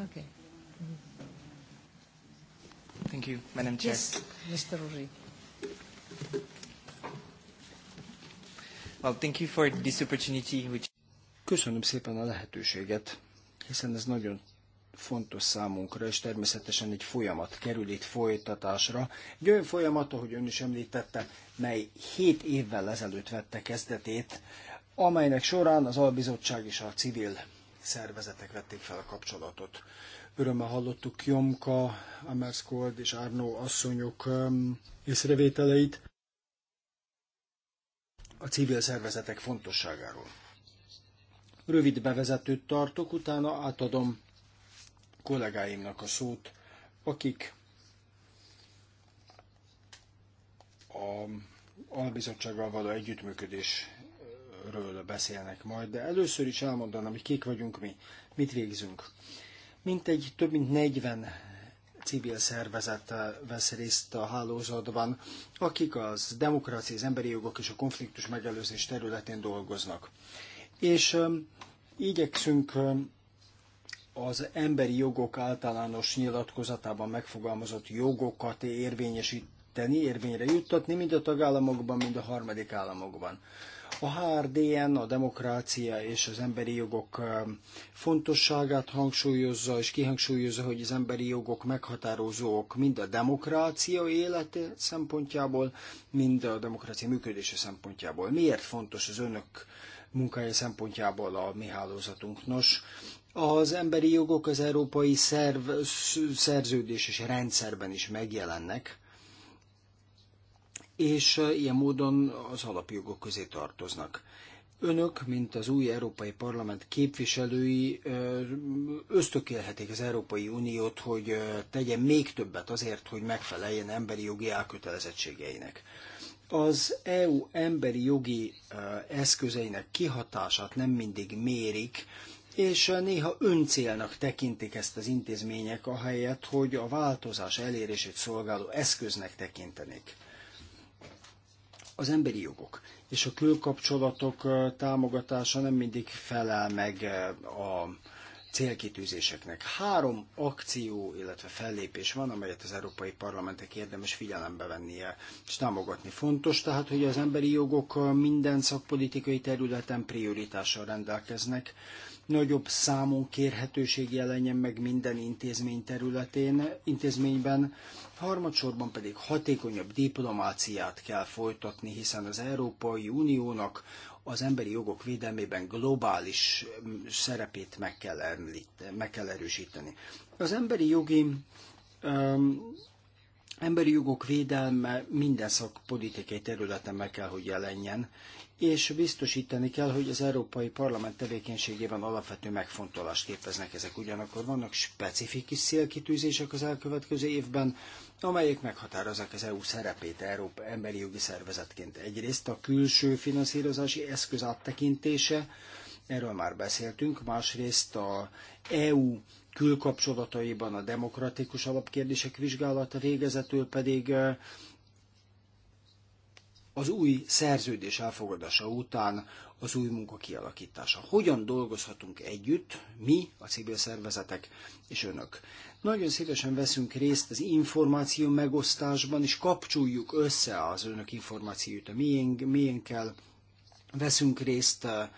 Okay. Thank you, Madam Chair. Yes, Mr. Uri. Well, thank you for this opportunity, which... Köszönöm szépen a lehetőséget, hiszen ez nagyon fontos számunkra, és természetesen egy folyamat kerül itt folytatásra. Egy olyan folyamat, ahogy ön is említette, mely 7 évvel ezelőtt vette kezdetét, amelynek során az albizottság és a civil szervezetek vették fel a kapcsolatot. Örömmel hallottuk Jomka, Amerskold és Árnó asszonyok um, észrevételeit a civil szervezetek fontosságáról. Rövid bevezetőt tartok, utána átadom kollégáimnak a szót, akik a albizottsággal való együttműködés ről beszélnek majd, de először is elmondanám, hogy kik vagyunk mi, mit végzünk. Mint egy több mint 40 civil szervezet vesz részt a hálózatban, akik az demokrácia, az emberi jogok és a konfliktus megelőzés területén dolgoznak. És igyekszünk az emberi jogok általános nyilatkozatában megfogalmazott jogokat érvényesíteni, érvényre juttatni, mind a tagállamokban, mind a harmadik államokban. A HRDN a demokrácia és az emberi jogok um, fontosságát hangsúlyozza, és kihangsúlyozza, hogy az emberi jogok meghatározók mind a demokrácia élete szempontjából, mind a demokrácia működése szempontjából. Miért fontos az önök munkája szempontjából a mi hálózatunk? Nos, az emberi jogok az európai szerv, szerződéses rendszerben is megjelennek, és ilyen módon az alapjogok közé tartoznak. Önök, mint az új Európai Parlament képviselői, ösztökélhetik az Európai Uniót, hogy tegyen még többet azért, hogy megfeleljen emberi jogi elkötelezettségeinek. Az EU emberi jogi eszközeinek kihatását nem mindig mérik, és néha öncélnak tekintik ezt az intézmények, ahelyett, hogy a változás elérését szolgáló eszköznek tekintenék. Az emberi jogok és a külkapcsolatok támogatása nem mindig felel meg a célkitűzéseknek. Három akció, illetve fellépés van, amelyet az európai parlamentek érdemes figyelembe vennie és támogatni. Fontos tehát, hogy az emberi jogok minden szakpolitikai területen prioritással rendelkeznek, nagyobb számon kérhetőség jelenjen meg minden intézmény területén, intézményben, harmadsorban pedig hatékonyabb diplomáciát kell folytatni, hiszen az Európai Uniónak az emberi jogok védelmében globális mm, szerepét meg kell, említ, meg kell erősíteni. Az emberi jogi um, emberi jogok védelme minden szakpolitikai területen meg kell, hogy jelenjen, és biztosítani kell, hogy az Európai Parlament tevékenységében alapvető megfontolást képeznek ezek. Ugyanakkor vannak specifikus célkitűzések az elkövetkező évben, amelyek meghatározzák az EU szerepét Európa emberi jogi szervezetként. Egyrészt a külső finanszírozási eszköz áttekintése, erről már beszéltünk, másrészt a EU külkapcsolataiban a demokratikus alapkérdések vizsgálata, végezetül pedig az új szerződés elfogadása után az új munka kialakítása. Hogyan dolgozhatunk együtt, mi, a civil szervezetek és önök. Nagyon szívesen veszünk részt az információ megosztásban, és kapcsoljuk össze az önök információt a miénk, miénkkel. Veszünk részt eh,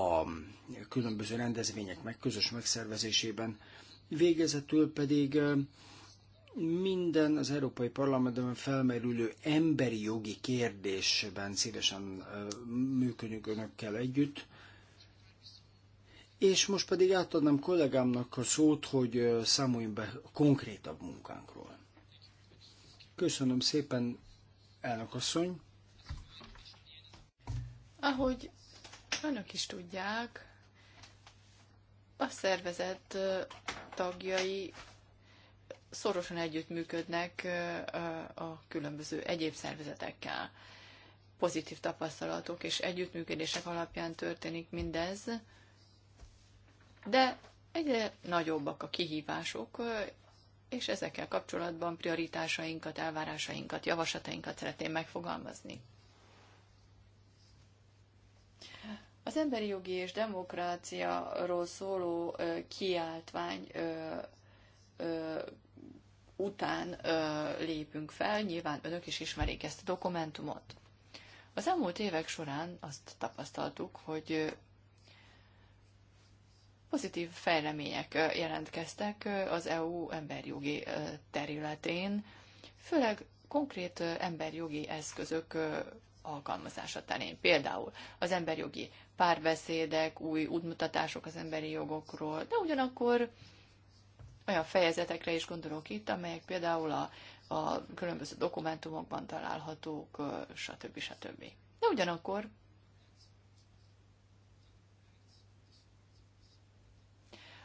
a különböző rendezvények meg közös megszervezésében. Végezetül pedig eh, minden az Európai Parlamentben felmerülő emberi jogi kérdésben szívesen működünk önökkel együtt. És most pedig átadnám kollégámnak a szót, hogy számoljunk be a konkrétabb munkánkról. Köszönöm szépen, elnök asszony. Ahogy önök is tudják, a szervezet tagjai szorosan együttműködnek a különböző egyéb szervezetekkel. Pozitív tapasztalatok és együttműködések alapján történik mindez, de egyre nagyobbak a kihívások, és ezekkel kapcsolatban prioritásainkat, elvárásainkat, javaslatainkat szeretném megfogalmazni. Az emberi jogi és demokráciáról szóló kiáltvány után ö, lépünk fel, nyilván önök is ismerik ezt a dokumentumot. Az elmúlt évek során azt tapasztaltuk, hogy pozitív fejlemények jelentkeztek az EU emberjogi területén, főleg konkrét emberjogi eszközök alkalmazása terén. Például az emberjogi párbeszédek, új útmutatások az emberi jogokról, de ugyanakkor olyan fejezetekre is gondolok itt, amelyek például a, a különböző dokumentumokban találhatók, stb. stb. De ugyanakkor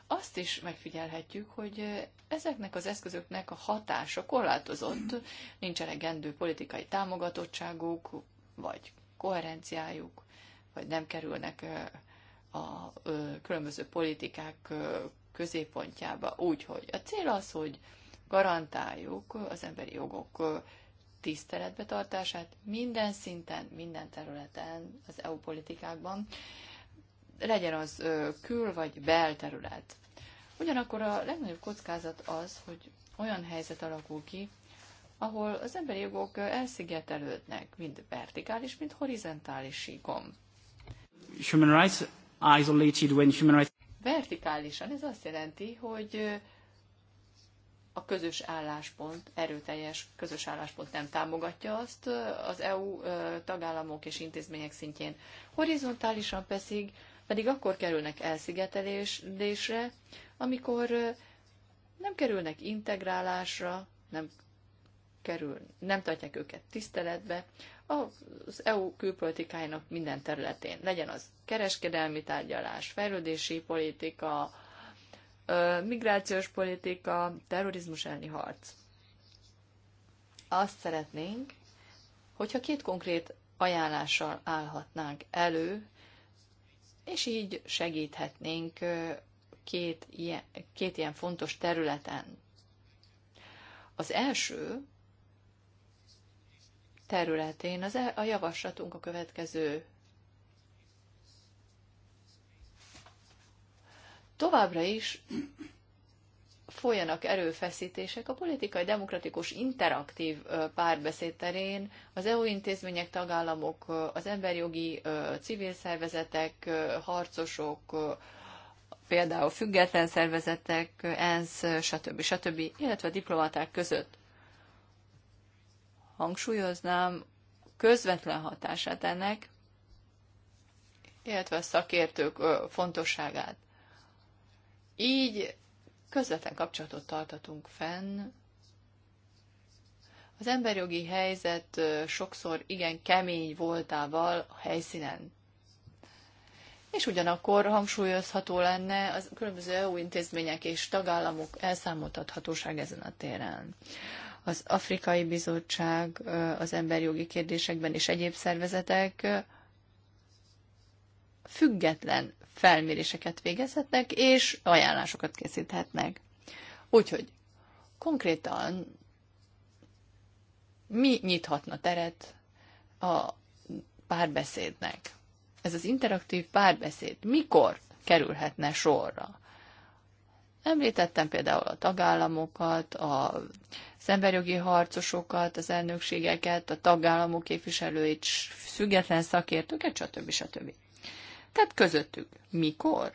azt is megfigyelhetjük, hogy ezeknek az eszközöknek a hatása korlátozott, nincs elegendő politikai támogatottságuk, vagy koherenciájuk, vagy nem kerülnek a különböző politikák középpontjába. Úgyhogy a cél az, hogy garantáljuk az emberi jogok tiszteletbe tartását minden szinten, minden területen az EU politikákban, legyen az kül- vagy belterület. Ugyanakkor a legnagyobb kockázat az, hogy olyan helyzet alakul ki, ahol az emberi jogok elszigetelődnek, mind vertikális, mind horizontális síkon. Human rights isolated when human rights vertikálisan. Ez azt jelenti, hogy a közös álláspont, erőteljes közös álláspont nem támogatja azt az EU tagállamok és intézmények szintjén. Horizontálisan pedig, pedig akkor kerülnek elszigetelésre, amikor nem kerülnek integrálásra, nem, kerül, nem tartják őket tiszteletbe, az EU külpolitikájának minden területén. Legyen az kereskedelmi tárgyalás, fejlődési politika, migrációs politika, terrorizmus elleni harc. Azt szeretnénk, hogyha két konkrét ajánlással állhatnánk elő, és így segíthetnénk két ilyen, két ilyen fontos területen. Az első területén. Az, e, a javaslatunk a következő. Továbbra is folyanak erőfeszítések a politikai demokratikus interaktív párbeszéd terén az EU intézmények, tagállamok, az emberjogi civil szervezetek, harcosok, például független szervezetek, ENSZ, stb. stb., illetve a diplomaták között hangsúlyoznám közvetlen hatását ennek, illetve a szakértők fontosságát. Így közvetlen kapcsolatot tartatunk fenn. Az emberjogi helyzet sokszor igen kemény voltával a helyszínen. És ugyanakkor hangsúlyozható lenne az különböző EU intézmények és tagállamok elszámoltathatóság ezen a téren az Afrikai Bizottság, az emberjogi kérdésekben és egyéb szervezetek független felméréseket végezhetnek, és ajánlásokat készíthetnek. Úgyhogy konkrétan mi nyithatna teret a párbeszédnek? Ez az interaktív párbeszéd mikor kerülhetne sorra? Említettem például a tagállamokat, a az emberjogi harcosokat, az elnökségeket, a tagállamok képviselőit, független szakértőket, stb. stb. Tehát közöttük. Mikor?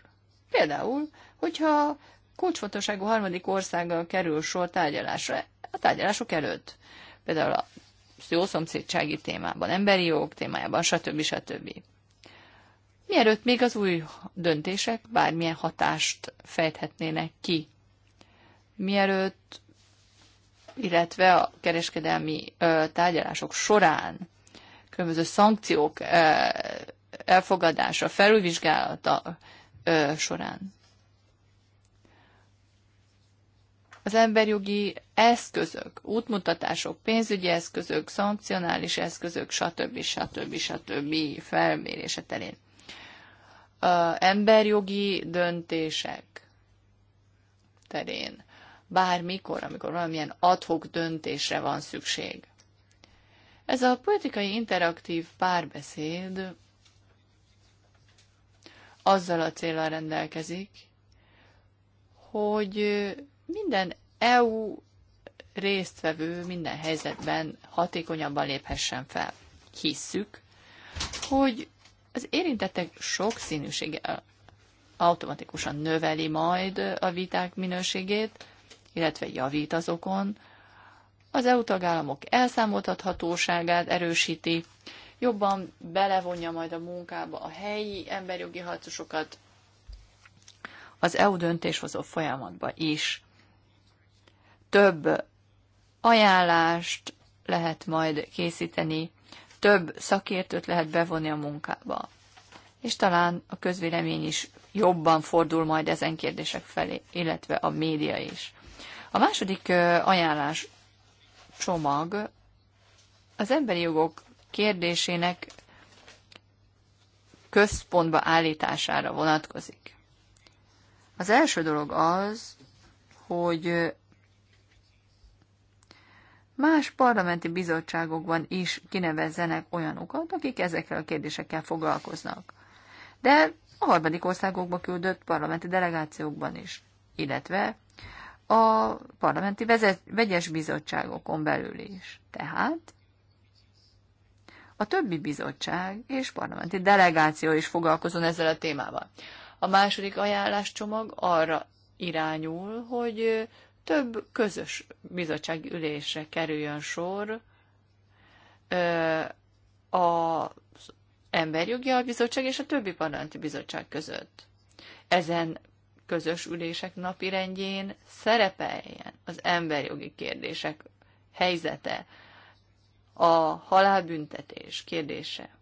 Például, hogyha kulcsfontosságú harmadik országgal kerül sor tárgyalásra, a tárgyalások előtt. Például a jó szomszédsági témában, emberi jog témájában, stb. stb mielőtt még az új döntések bármilyen hatást fejthetnének ki. Mielőtt, illetve a kereskedelmi ö, tárgyalások során különböző szankciók ö, elfogadása, felülvizsgálata ö, során. Az emberjogi eszközök, útmutatások, pénzügyi eszközök, szankcionális eszközök, stb. stb. stb. stb. felmérése terén emberjogi döntések terén, bármikor, amikor valamilyen adhok döntésre van szükség. Ez a politikai interaktív párbeszéd azzal a célral rendelkezik, hogy minden EU résztvevő minden helyzetben hatékonyabban léphessen fel. Hisszük, hogy az érintettek sokszínűsége automatikusan növeli majd a viták minőségét, illetve javít azokon, az EU tagállamok elszámoltathatóságát erősíti, jobban belevonja majd a munkába a helyi emberjogi harcosokat, az EU döntéshozó folyamatba is. Több ajánlást lehet majd készíteni több szakértőt lehet bevonni a munkába. És talán a közvélemény is jobban fordul majd ezen kérdések felé, illetve a média is. A második ajánlás csomag az emberi jogok kérdésének központba állítására vonatkozik. Az első dolog az, hogy más parlamenti bizottságokban is kinevezzenek olyanokat, akik ezekkel a kérdésekkel foglalkoznak. De a harmadik országokba küldött parlamenti delegációkban is, illetve a parlamenti vezet, vegyes bizottságokon belül is. Tehát a többi bizottság és parlamenti delegáció is foglalkozon ezzel a témával. A második ajánláscsomag arra irányul, hogy több közös bizottsági ülésre kerüljön sor az Emberjogi bizottság és a többi parlamenti bizottság között. Ezen közös ülések napirendjén szerepeljen az emberjogi kérdések helyzete, a halálbüntetés kérdése.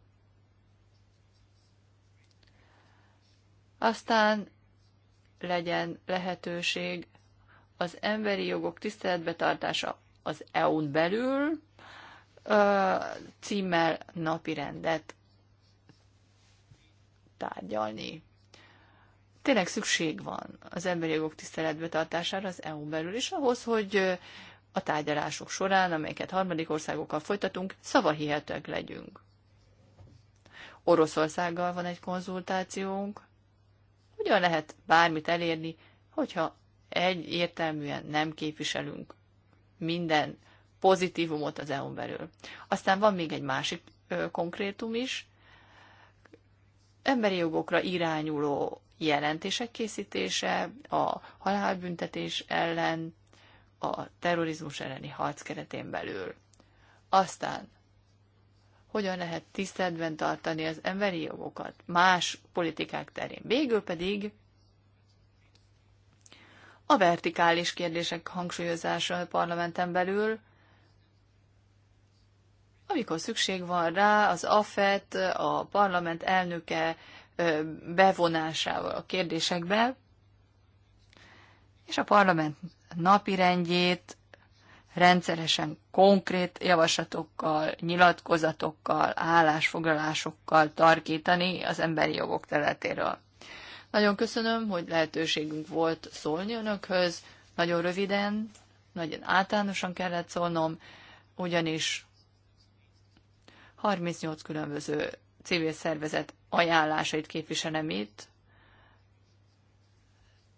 Aztán legyen lehetőség az emberi jogok tiszteletbetartása az EU-n belül címmel napirendet tárgyalni. Tényleg szükség van az emberi jogok tiszteletbetartására az EU-n belül is ahhoz, hogy a tárgyalások során, amelyeket harmadik országokkal folytatunk, szavahihetőek legyünk. Oroszországgal van egy konzultációnk. Hogyan lehet bármit elérni, hogyha egyértelműen nem képviselünk minden pozitívumot az EU-n belül. Aztán van még egy másik ö, konkrétum is, emberi jogokra irányuló jelentések készítése, a halálbüntetés ellen, a terrorizmus elleni harc keretén belül. Aztán hogyan lehet tiszteletben tartani az emberi jogokat más politikák terén. Végül pedig a vertikális kérdések hangsúlyozása a parlamenten belül, amikor szükség van rá, az AFET, a parlament elnöke bevonásával a kérdésekbe, és a parlament napirendjét rendszeresen konkrét javaslatokkal, nyilatkozatokkal, állásfoglalásokkal tarkítani az emberi jogok területéről. Nagyon köszönöm, hogy lehetőségünk volt szólni önökhöz. Nagyon röviden, nagyon általánosan kellett szólnom, ugyanis 38 különböző civil szervezet ajánlásait képviselem itt,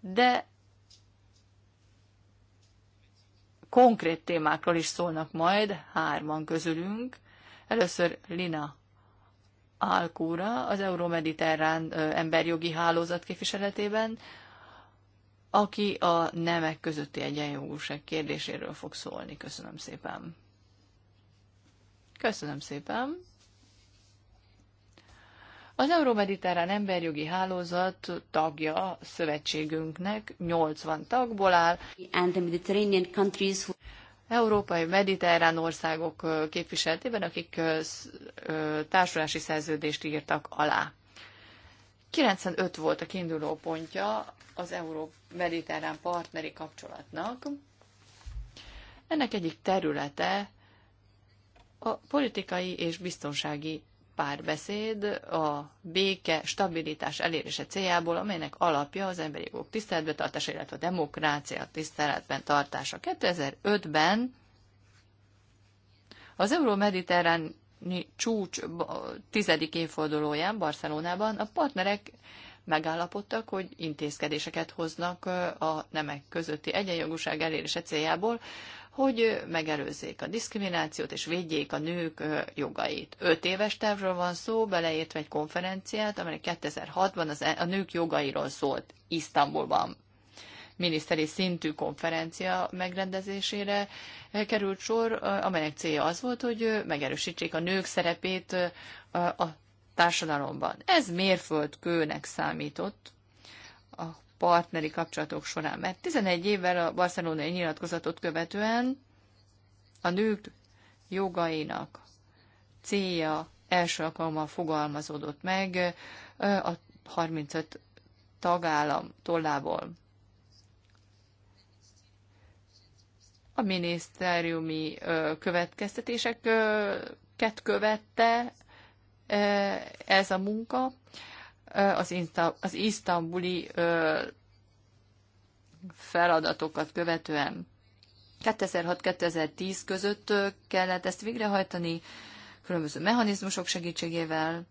de konkrét témákról is szólnak majd hárman közülünk. Először Lina Alkúra, az Euró-Mediterrán emberjogi hálózat képviseletében, aki a nemek közötti egyenjogúság kérdéséről fog szólni. Köszönöm szépen. Köszönöm szépen. Az Euró-Mediterrán emberjogi hálózat tagja szövetségünknek 80 tagból áll. And the Mediterranean countries who európai mediterrán országok képviseltében, akik társulási szerződést írtak alá. 95 volt a kiinduló pontja az euró-mediterrán partneri kapcsolatnak. Ennek egyik területe a politikai és biztonsági párbeszéd a béke, stabilitás elérése céljából, amelynek alapja az emberi jogok tiszteletben tartása, illetve a demokrácia tiszteletben tartása. 2005-ben az euró-mediterráni csúcs tizedik évfordulóján Barcelonában a partnerek megállapodtak, hogy intézkedéseket hoznak a nemek közötti egyenjogúság elérése céljából, hogy megelőzzék a diszkriminációt és védjék a nők jogait. Öt éves tervről van szó, beleértve egy konferenciát, amely 2006-ban az, e- a nők jogairól szólt Isztambulban miniszteri szintű konferencia megrendezésére került sor, amelynek célja az volt, hogy megerősítsék a nők szerepét a társadalomban. Ez mérföldkőnek számított a partneri kapcsolatok során, mert 11 évvel a barcelonai nyilatkozatot követően a nők jogainak célja első alkalommal fogalmazódott meg a 35 tagállam tollából. A minisztériumi következtetéseket követte ez a munka az, az isztambuli feladatokat követően. 2006-2010 között kellett ezt végrehajtani különböző mechanizmusok segítségével,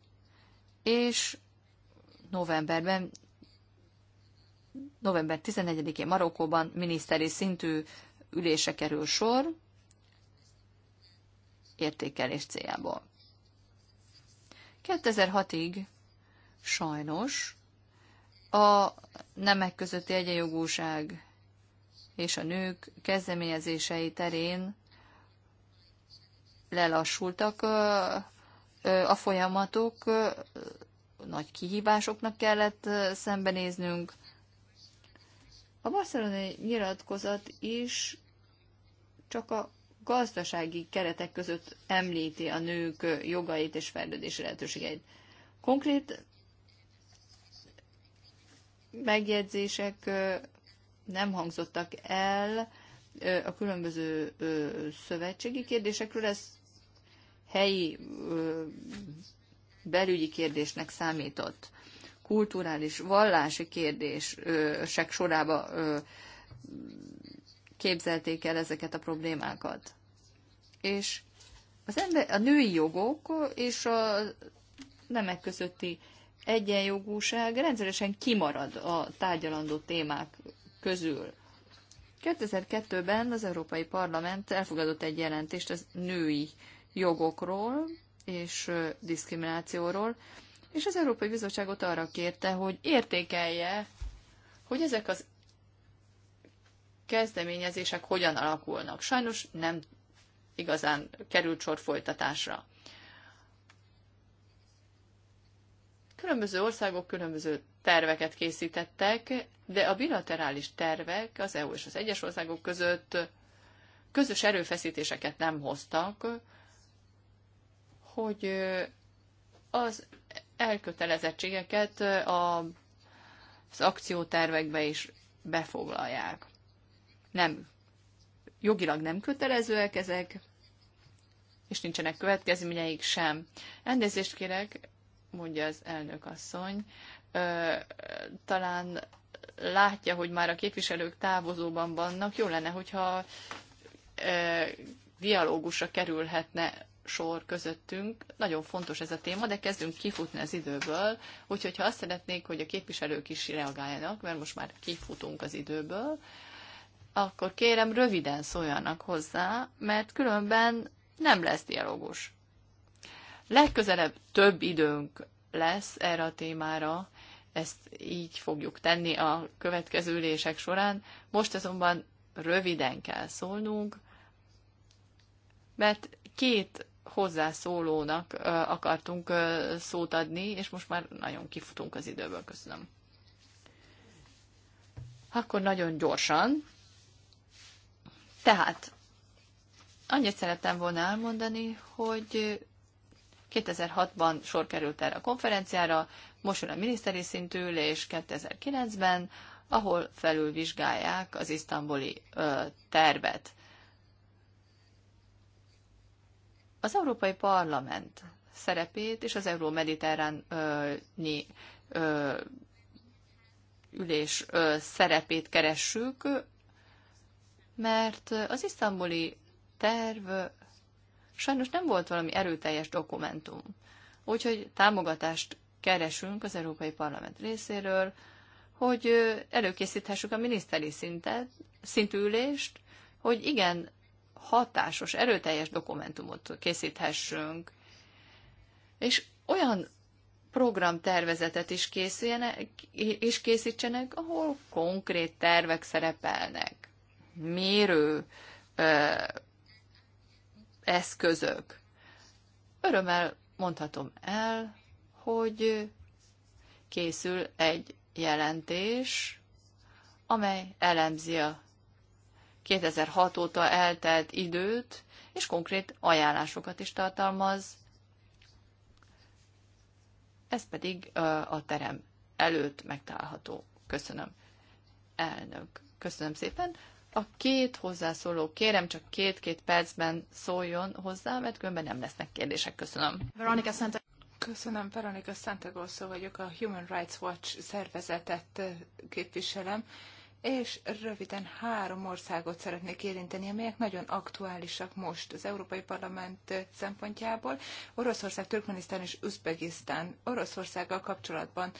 és novemberben, november 11-én Marokkóban miniszteri szintű ülése kerül sor értékelés céljából. 2006-ig sajnos a nemek közötti egyenjogúság és a nők kezdeményezései terén lelassultak a folyamatok, nagy kihívásoknak kellett szembenéznünk. A barcelonai nyilatkozat is csak a gazdasági keretek között említi a nők jogait és fejlődési lehetőségeit. Konkrét megjegyzések nem hangzottak el a különböző szövetségi kérdésekről, ez helyi belügyi kérdésnek számított. Kulturális, vallási kérdések sorába képzelték el ezeket a problémákat. És az ember, a női jogok és a nemek közötti egyenjogúság rendszeresen kimarad a tárgyalandó témák közül. 2002-ben az Európai Parlament elfogadott egy jelentést az női jogokról és diszkriminációról, és az Európai Bizottságot arra kérte, hogy értékelje, hogy ezek az kezdeményezések hogyan alakulnak. Sajnos nem igazán került sor folytatásra. Különböző országok különböző terveket készítettek, de a bilaterális tervek az EU és az egyes országok között közös erőfeszítéseket nem hoztak, hogy az elkötelezettségeket az akciótervekbe is befoglalják nem, jogilag nem kötelezőek ezek, és nincsenek következményeik sem. Elnézést kérek, mondja az elnök asszony, ö, talán látja, hogy már a képviselők távozóban vannak, jó lenne, hogyha ö, dialógusra kerülhetne sor közöttünk. Nagyon fontos ez a téma, de kezdünk kifutni az időből, úgyhogy ha azt szeretnék, hogy a képviselők is reagáljanak, mert most már kifutunk az időből, akkor kérem röviden szóljanak hozzá, mert különben nem lesz dialógus. Legközelebb több időnk lesz erre a témára, ezt így fogjuk tenni a következő ülések során. Most azonban röviden kell szólnunk, mert két hozzászólónak akartunk szót adni, és most már nagyon kifutunk az időből, köszönöm. Akkor nagyon gyorsan, tehát annyit szerettem volna elmondani, hogy 2006-ban sor került erre a konferenciára, most a miniszteri szintű ülés 2009-ben, ahol felülvizsgálják az isztambuli ö, tervet. Az Európai Parlament szerepét és az euró-mediterráni ülés ö, szerepét keressük mert az isztambuli terv sajnos nem volt valami erőteljes dokumentum. Úgyhogy támogatást keresünk az Európai Parlament részéről, hogy előkészíthessük a miniszteri szintet, szintű ülést, hogy igen, hatásos, erőteljes dokumentumot készíthessünk, és olyan programtervezetet is, is készítsenek, ahol konkrét tervek szerepelnek mérő eszközök. Örömmel mondhatom el, hogy készül egy jelentés, amely elemzi a 2006 óta eltelt időt, és konkrét ajánlásokat is tartalmaz. Ez pedig a terem előtt megtalálható. Köszönöm, elnök. Köszönöm szépen. A két hozzászóló, kérem csak két-két percben szóljon hozzá, mert különben nem lesznek kérdések. Köszönöm. Veronika Szente. Köszönöm, Veronika Santagoszó vagyok, a Human Rights Watch szervezetet képviselem és röviden három országot szeretnék érinteni, amelyek nagyon aktuálisak most az Európai Parlament szempontjából. Oroszország, Türkmenisztán és Üzbegisztán. Oroszországgal kapcsolatban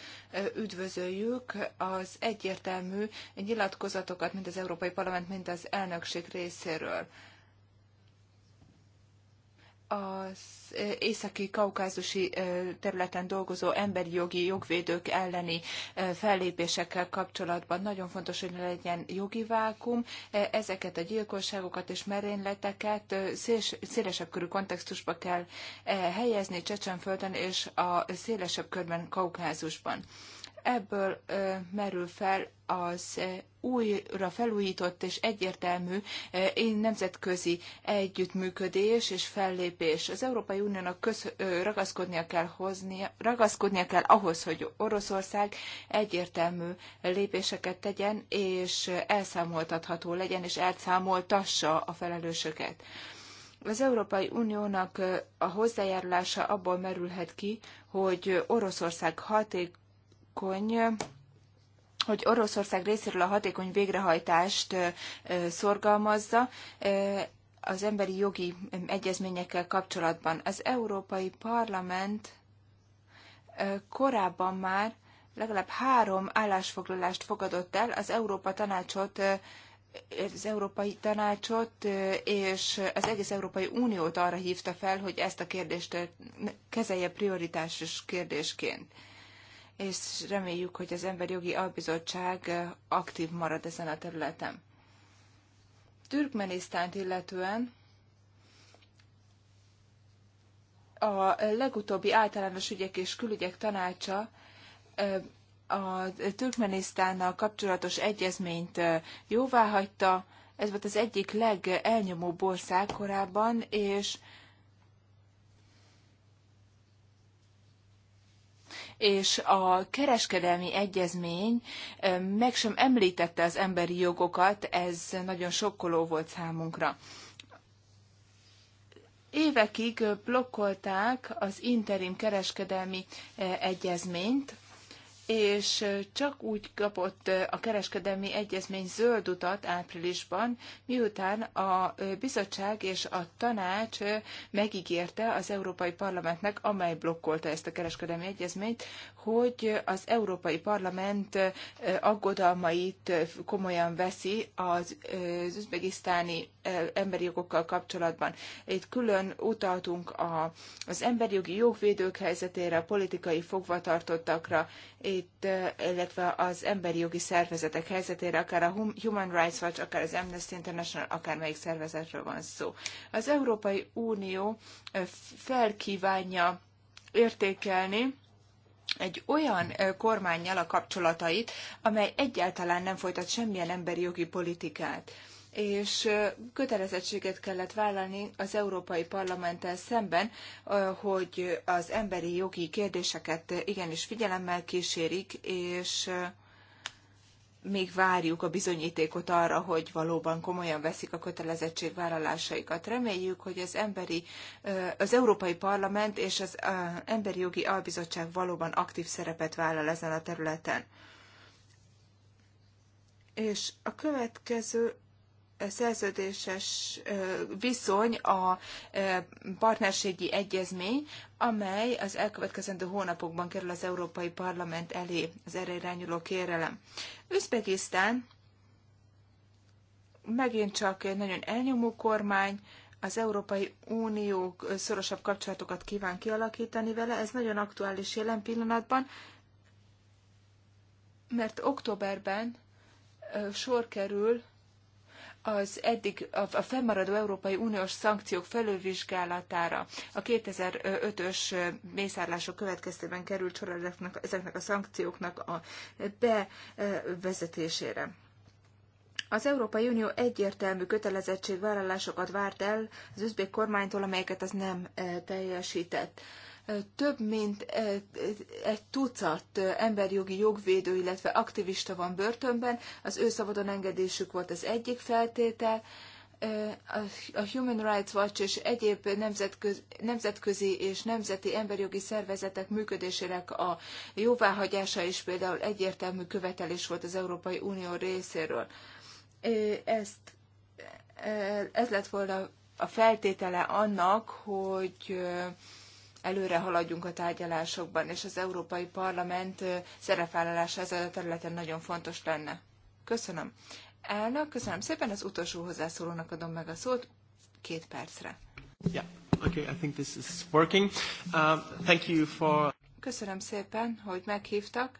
üdvözöljük az egyértelmű nyilatkozatokat, mind az Európai Parlament, mind az elnökség részéről az északi kaukázusi területen dolgozó emberi jogi jogvédők elleni fellépésekkel kapcsolatban nagyon fontos, hogy ne legyen jogi vákum. Ezeket a gyilkosságokat és merényleteket széles, szélesebb körű kontextusba kell helyezni Csecsenföldön és a szélesebb körben Kaukázusban ebből merül fel az újra felújított és egyértelmű nemzetközi együttműködés és fellépés. Az Európai Uniónak köz, ragaszkodnia, kell hoznia, ragaszkodnia kell ahhoz, hogy Oroszország egyértelmű lépéseket tegyen, és elszámoltatható legyen, és elszámoltassa a felelősöket. Az Európai Uniónak a hozzájárulása abból merülhet ki, hogy Oroszország haték, hatékony hogy Oroszország részéről a hatékony végrehajtást szorgalmazza az emberi jogi egyezményekkel kapcsolatban. Az Európai Parlament korábban már legalább három állásfoglalást fogadott el az Európa Tanácsot az Európai Tanácsot és az egész Európai Uniót arra hívta fel, hogy ezt a kérdést kezelje prioritásos kérdésként és reméljük, hogy az Emberi Jogi Albizottság eh, aktív marad ezen a területen. Türkmenisztánt illetően a legutóbbi általános ügyek és külügyek tanácsa eh, a Türkmenisztánnal kapcsolatos egyezményt eh, jóváhagyta. Ez volt az egyik legelnyomóbb ország korábban, és és a kereskedelmi egyezmény meg sem említette az emberi jogokat, ez nagyon sokkoló volt számunkra. Évekig blokkolták az interim kereskedelmi egyezményt, és csak úgy kapott a kereskedelmi egyezmény zöld utat áprilisban, miután a bizottság és a tanács megígérte az Európai Parlamentnek, amely blokkolta ezt a kereskedelmi egyezményt, hogy az Európai Parlament aggodalmait komolyan veszi az üzbegisztáni E, emberi jogokkal kapcsolatban. Itt külön utaltunk a, az emberi jogi jogvédők helyzetére, a politikai fogvatartottakra, itt, e, illetve az emberi jogi szervezetek helyzetére, akár a Human Rights Watch, akár az Amnesty International, akár melyik szervezetről van szó. Az Európai Unió e, felkívánja értékelni, egy olyan kormányjal a kapcsolatait, amely egyáltalán nem folytat semmilyen emberi jogi politikát és kötelezettséget kellett vállalni az Európai Parlamenttel szemben, hogy az emberi jogi kérdéseket igenis figyelemmel kísérik, és még várjuk a bizonyítékot arra, hogy valóban komolyan veszik a kötelezettségvállalásaikat. Reméljük, hogy az, emberi, az Európai Parlament és az Emberi Jogi Albizottság valóban aktív szerepet vállal ezen a területen. És a következő szerződéses viszony a partnerségi egyezmény, amely az elkövetkezendő hónapokban kerül az Európai Parlament elé, az erre irányuló kérelem. Üzbegisztán megint csak egy nagyon elnyomó kormány, az Európai Unió szorosabb kapcsolatokat kíván kialakítani vele. Ez nagyon aktuális jelen pillanatban, mert októberben sor kerül az eddig a fennmaradó Európai Uniós szankciók felülvizsgálatára a 2005-ös mészárlások következtében került sor ezeknek a szankcióknak a bevezetésére. Az Európai Unió egyértelmű kötelezettségvállalásokat várt el az üzbék kormánytól, amelyeket az nem teljesített több mint egy tucat emberjogi jogvédő, illetve aktivista van börtönben. Az ő szabadon engedésük volt az egyik feltétel. A Human Rights Watch és egyéb nemzetközi, nemzetközi és nemzeti emberjogi szervezetek működésének a jóváhagyása is például egyértelmű követelés volt az Európai Unió részéről. Ezt, ez lett volna a feltétele annak, hogy előre haladjunk a tárgyalásokban, és az Európai Parlament szerepvállalása ezen a területen nagyon fontos lenne. Köszönöm. Elnök, köszönöm szépen, az utolsó hozzászólónak adom meg a szót két percre. Yeah. Okay, I think this is working. Uh, thank you for... Köszönöm szépen, hogy meghívtak,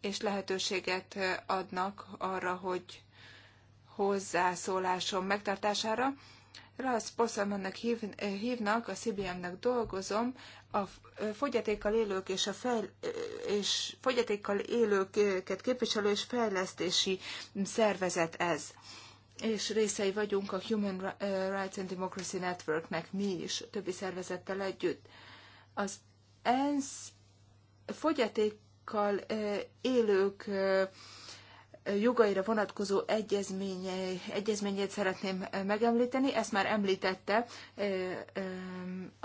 és lehetőséget adnak arra, hogy hozzászólásom megtartására. Ralph Bosselmannek hív, eh, hívnak, a CBM-nek dolgozom, a eh, fogyatékkal élők és a fejl, eh, és fogyatékkal élőket képviselő és fejlesztési szervezet ez. És részei vagyunk a Human Rights and Democracy Networknek mi is, többi szervezettel együtt. Az ENSZ fogyatékkal élők jogaira vonatkozó egyezményét szeretném e, megemlíteni. Ezt már említette e, e,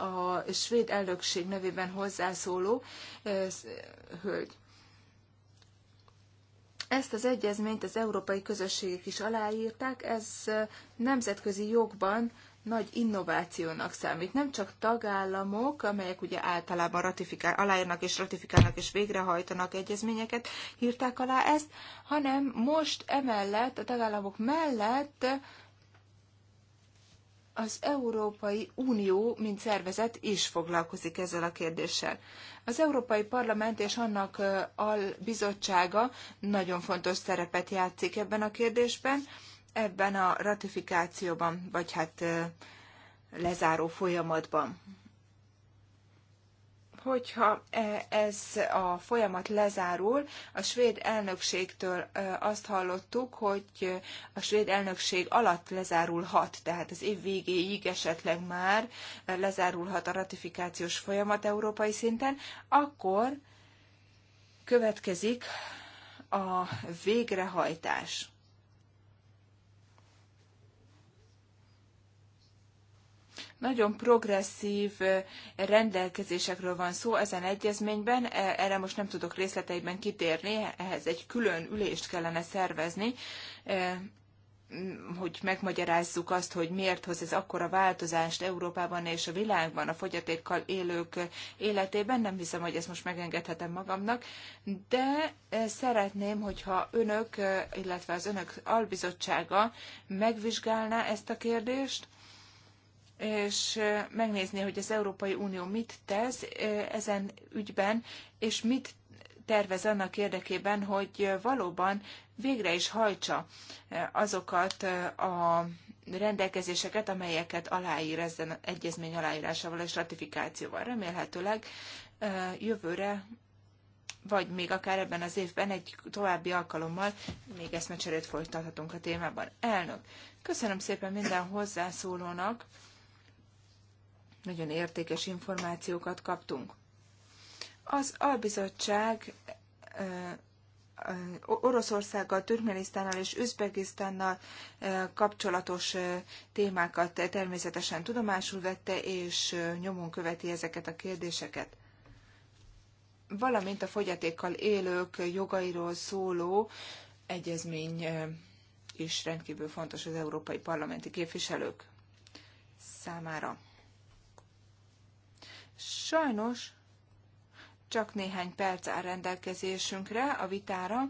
a svéd elnökség nevében hozzászóló hölgy. Ezt az egyezményt az európai közösségek is aláírták, ez nemzetközi jogban nagy innovációnak számít. Nem csak tagállamok, amelyek ugye általában ratifikál, aláírnak és ratifikálnak és végrehajtanak egyezményeket, hírták alá ezt, hanem most emellett, a tagállamok mellett az Európai Unió, mint szervezet is foglalkozik ezzel a kérdéssel. Az Európai Parlament és annak albizottsága nagyon fontos szerepet játszik ebben a kérdésben ebben a ratifikációban, vagy hát lezáró folyamatban. Hogyha ez a folyamat lezárul, a svéd elnökségtől azt hallottuk, hogy a svéd elnökség alatt lezárulhat, tehát az év végéig esetleg már lezárulhat a ratifikációs folyamat európai szinten, akkor következik a végrehajtás Nagyon progresszív rendelkezésekről van szó ezen egyezményben, e, erre most nem tudok részleteiben kitérni, ehhez egy külön ülést kellene szervezni, hogy megmagyarázzuk azt, hogy miért hoz ez akkora változást Európában és a világban a fogyatékkal élők életében. Nem hiszem, hogy ezt most megengedhetem magamnak, de szeretném, hogyha önök, illetve az önök albizottsága megvizsgálná ezt a kérdést, és megnézni, hogy az Európai Unió mit tesz ezen ügyben, és mit tervez annak érdekében, hogy valóban végre is hajtsa azokat a rendelkezéseket, amelyeket aláír ezen egyezmény aláírásával és ratifikációval. Remélhetőleg jövőre, vagy még akár ebben az évben egy további alkalommal még eszmecserét folytathatunk a témában. Elnök, köszönöm szépen minden hozzászólónak. Nagyon értékes információkat kaptunk. Az albizottság Oroszországgal, Türkmenisztánnal és Üzbegisztánnal kapcsolatos témákat természetesen tudomásul vette, és nyomon követi ezeket a kérdéseket. Valamint a fogyatékkal élők jogairól szóló egyezmény is rendkívül fontos az európai parlamenti képviselők számára. Sajnos csak néhány perc áll rendelkezésünkre a vitára.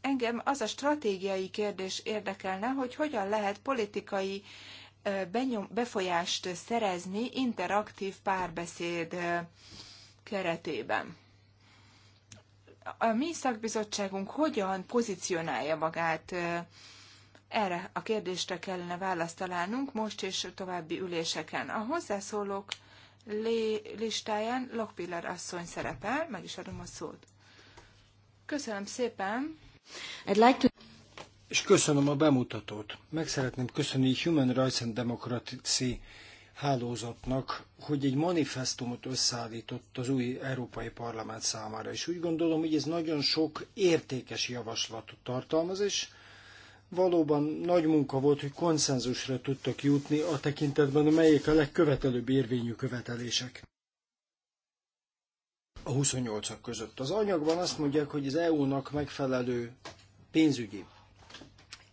Engem az a stratégiai kérdés érdekelne, hogy hogyan lehet politikai befolyást szerezni interaktív párbeszéd keretében. A mi szakbizottságunk hogyan pozícionálja magát erre a kérdésre kellene választ találnunk most és további üléseken. A hozzászólók listáján Lokpiller asszony szerepel, meg is adom a szót. Köszönöm szépen! I'd like to... És köszönöm a bemutatót. Meg szeretném köszönni a Human Rights and Democracy hálózatnak, hogy egy manifestumot összeállított az új Európai Parlament számára, és úgy gondolom, hogy ez nagyon sok értékes javaslatot tartalmaz, és Valóban nagy munka volt, hogy konszenzusra tudtak jutni a tekintetben, melyek a legkövetelőbb érvényű követelések a 28-ak között. Az anyagban azt mondják, hogy az EU-nak megfelelő pénzügyi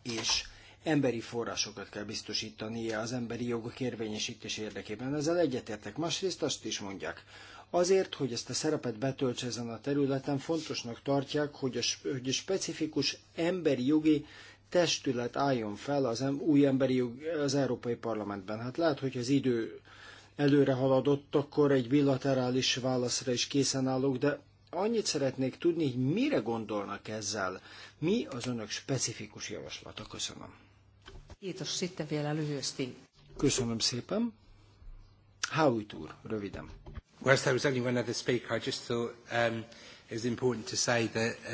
és emberi forrásokat kell biztosítania az emberi jogok érvényesítés érdekében. Ezzel egyetértek. Másrészt azt is mondják, azért, hogy ezt a szerepet betöltse ezen a területen, fontosnak tartják, hogy a, hogy a specifikus emberi jogi testület álljon fel az új emberi jog az Európai Parlamentben. Hát lehet, hogy az idő előre haladott, akkor egy bilaterális válaszra is készen állok, de annyit szeretnék tudni, hogy mire gondolnak ezzel. Mi az önök specifikus javaslata? Köszönöm. Köszönöm szépen. Howitt úr, röviden. Whilst I was only one other speaker, I just thought um, it was important to say that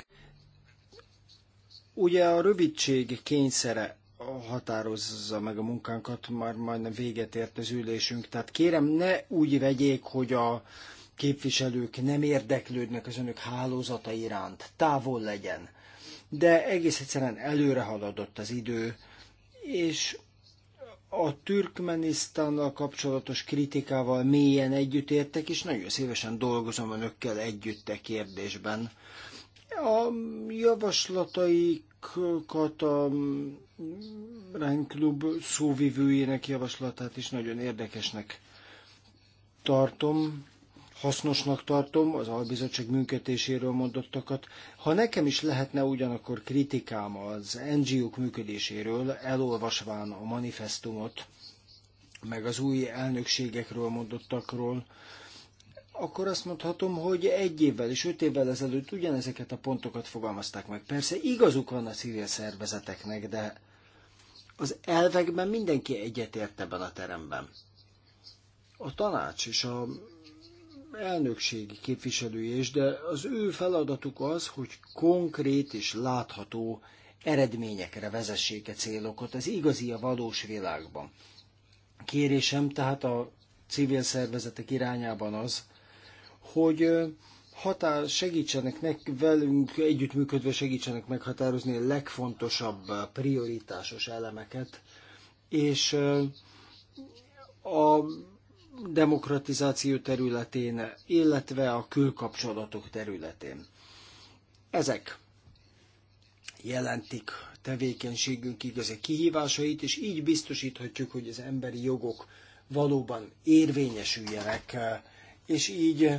Ugye a rövidség kényszere határozza meg a munkánkat, már majdnem véget ért az ülésünk. Tehát kérem, ne úgy vegyék, hogy a képviselők nem érdeklődnek az önök hálózata iránt. Távol legyen. De egész egyszerűen előre haladott az idő, és a Türkmenisztánnal kapcsolatos kritikával mélyen együttértek, és nagyon szívesen dolgozom önökkel együtt e kérdésben. A javaslatai kollégákat a Rheinklub szóvivőjének javaslatát is nagyon érdekesnek tartom, hasznosnak tartom, az albizottság működéséről mondottakat. Ha nekem is lehetne ugyanakkor kritikám az NGO-k működéséről, elolvasván a manifestumot, meg az új elnökségekről mondottakról, akkor azt mondhatom, hogy egy évvel és öt évvel ezelőtt ugyanezeket a pontokat fogalmazták meg. Persze igazuk van a civil szervezeteknek, de az elvekben mindenki egyetért ebben a teremben. A tanács és a elnökség képviselője is, de az ő feladatuk az, hogy konkrét és látható eredményekre vezessék a célokat az igazi, a valós világban. Kérésem tehát a civil szervezetek irányában az, hogy határ segítsenek nek, velünk, együttműködve segítsenek meghatározni a legfontosabb prioritásos elemeket, és a demokratizáció területén, illetve a külkapcsolatok területén. Ezek jelentik tevékenységünk igazi kihívásait, és így biztosíthatjuk, hogy az emberi jogok valóban érvényesüljenek, és így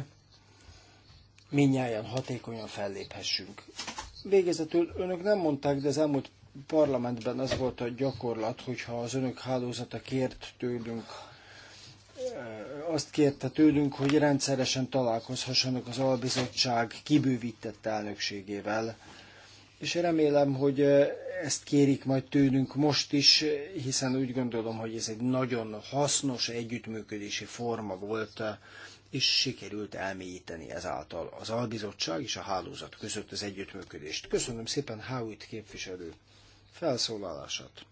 minnyáján hatékonyan felléphessünk. Végezetül önök nem mondták, de az elmúlt parlamentben az volt a gyakorlat, hogyha az önök hálózata kért tőlünk, eh, azt kérte tőlünk, hogy rendszeresen találkozhassanak az albizottság kibővített elnökségével. És remélem, hogy eh, ezt kérik majd tőlünk most is, hiszen úgy gondolom, hogy ez egy nagyon hasznos együttműködési forma volt és sikerült elmélyíteni ezáltal az albizottság és a hálózat között az együttműködést. Köszönöm szépen Howitt képviselő felszólalását.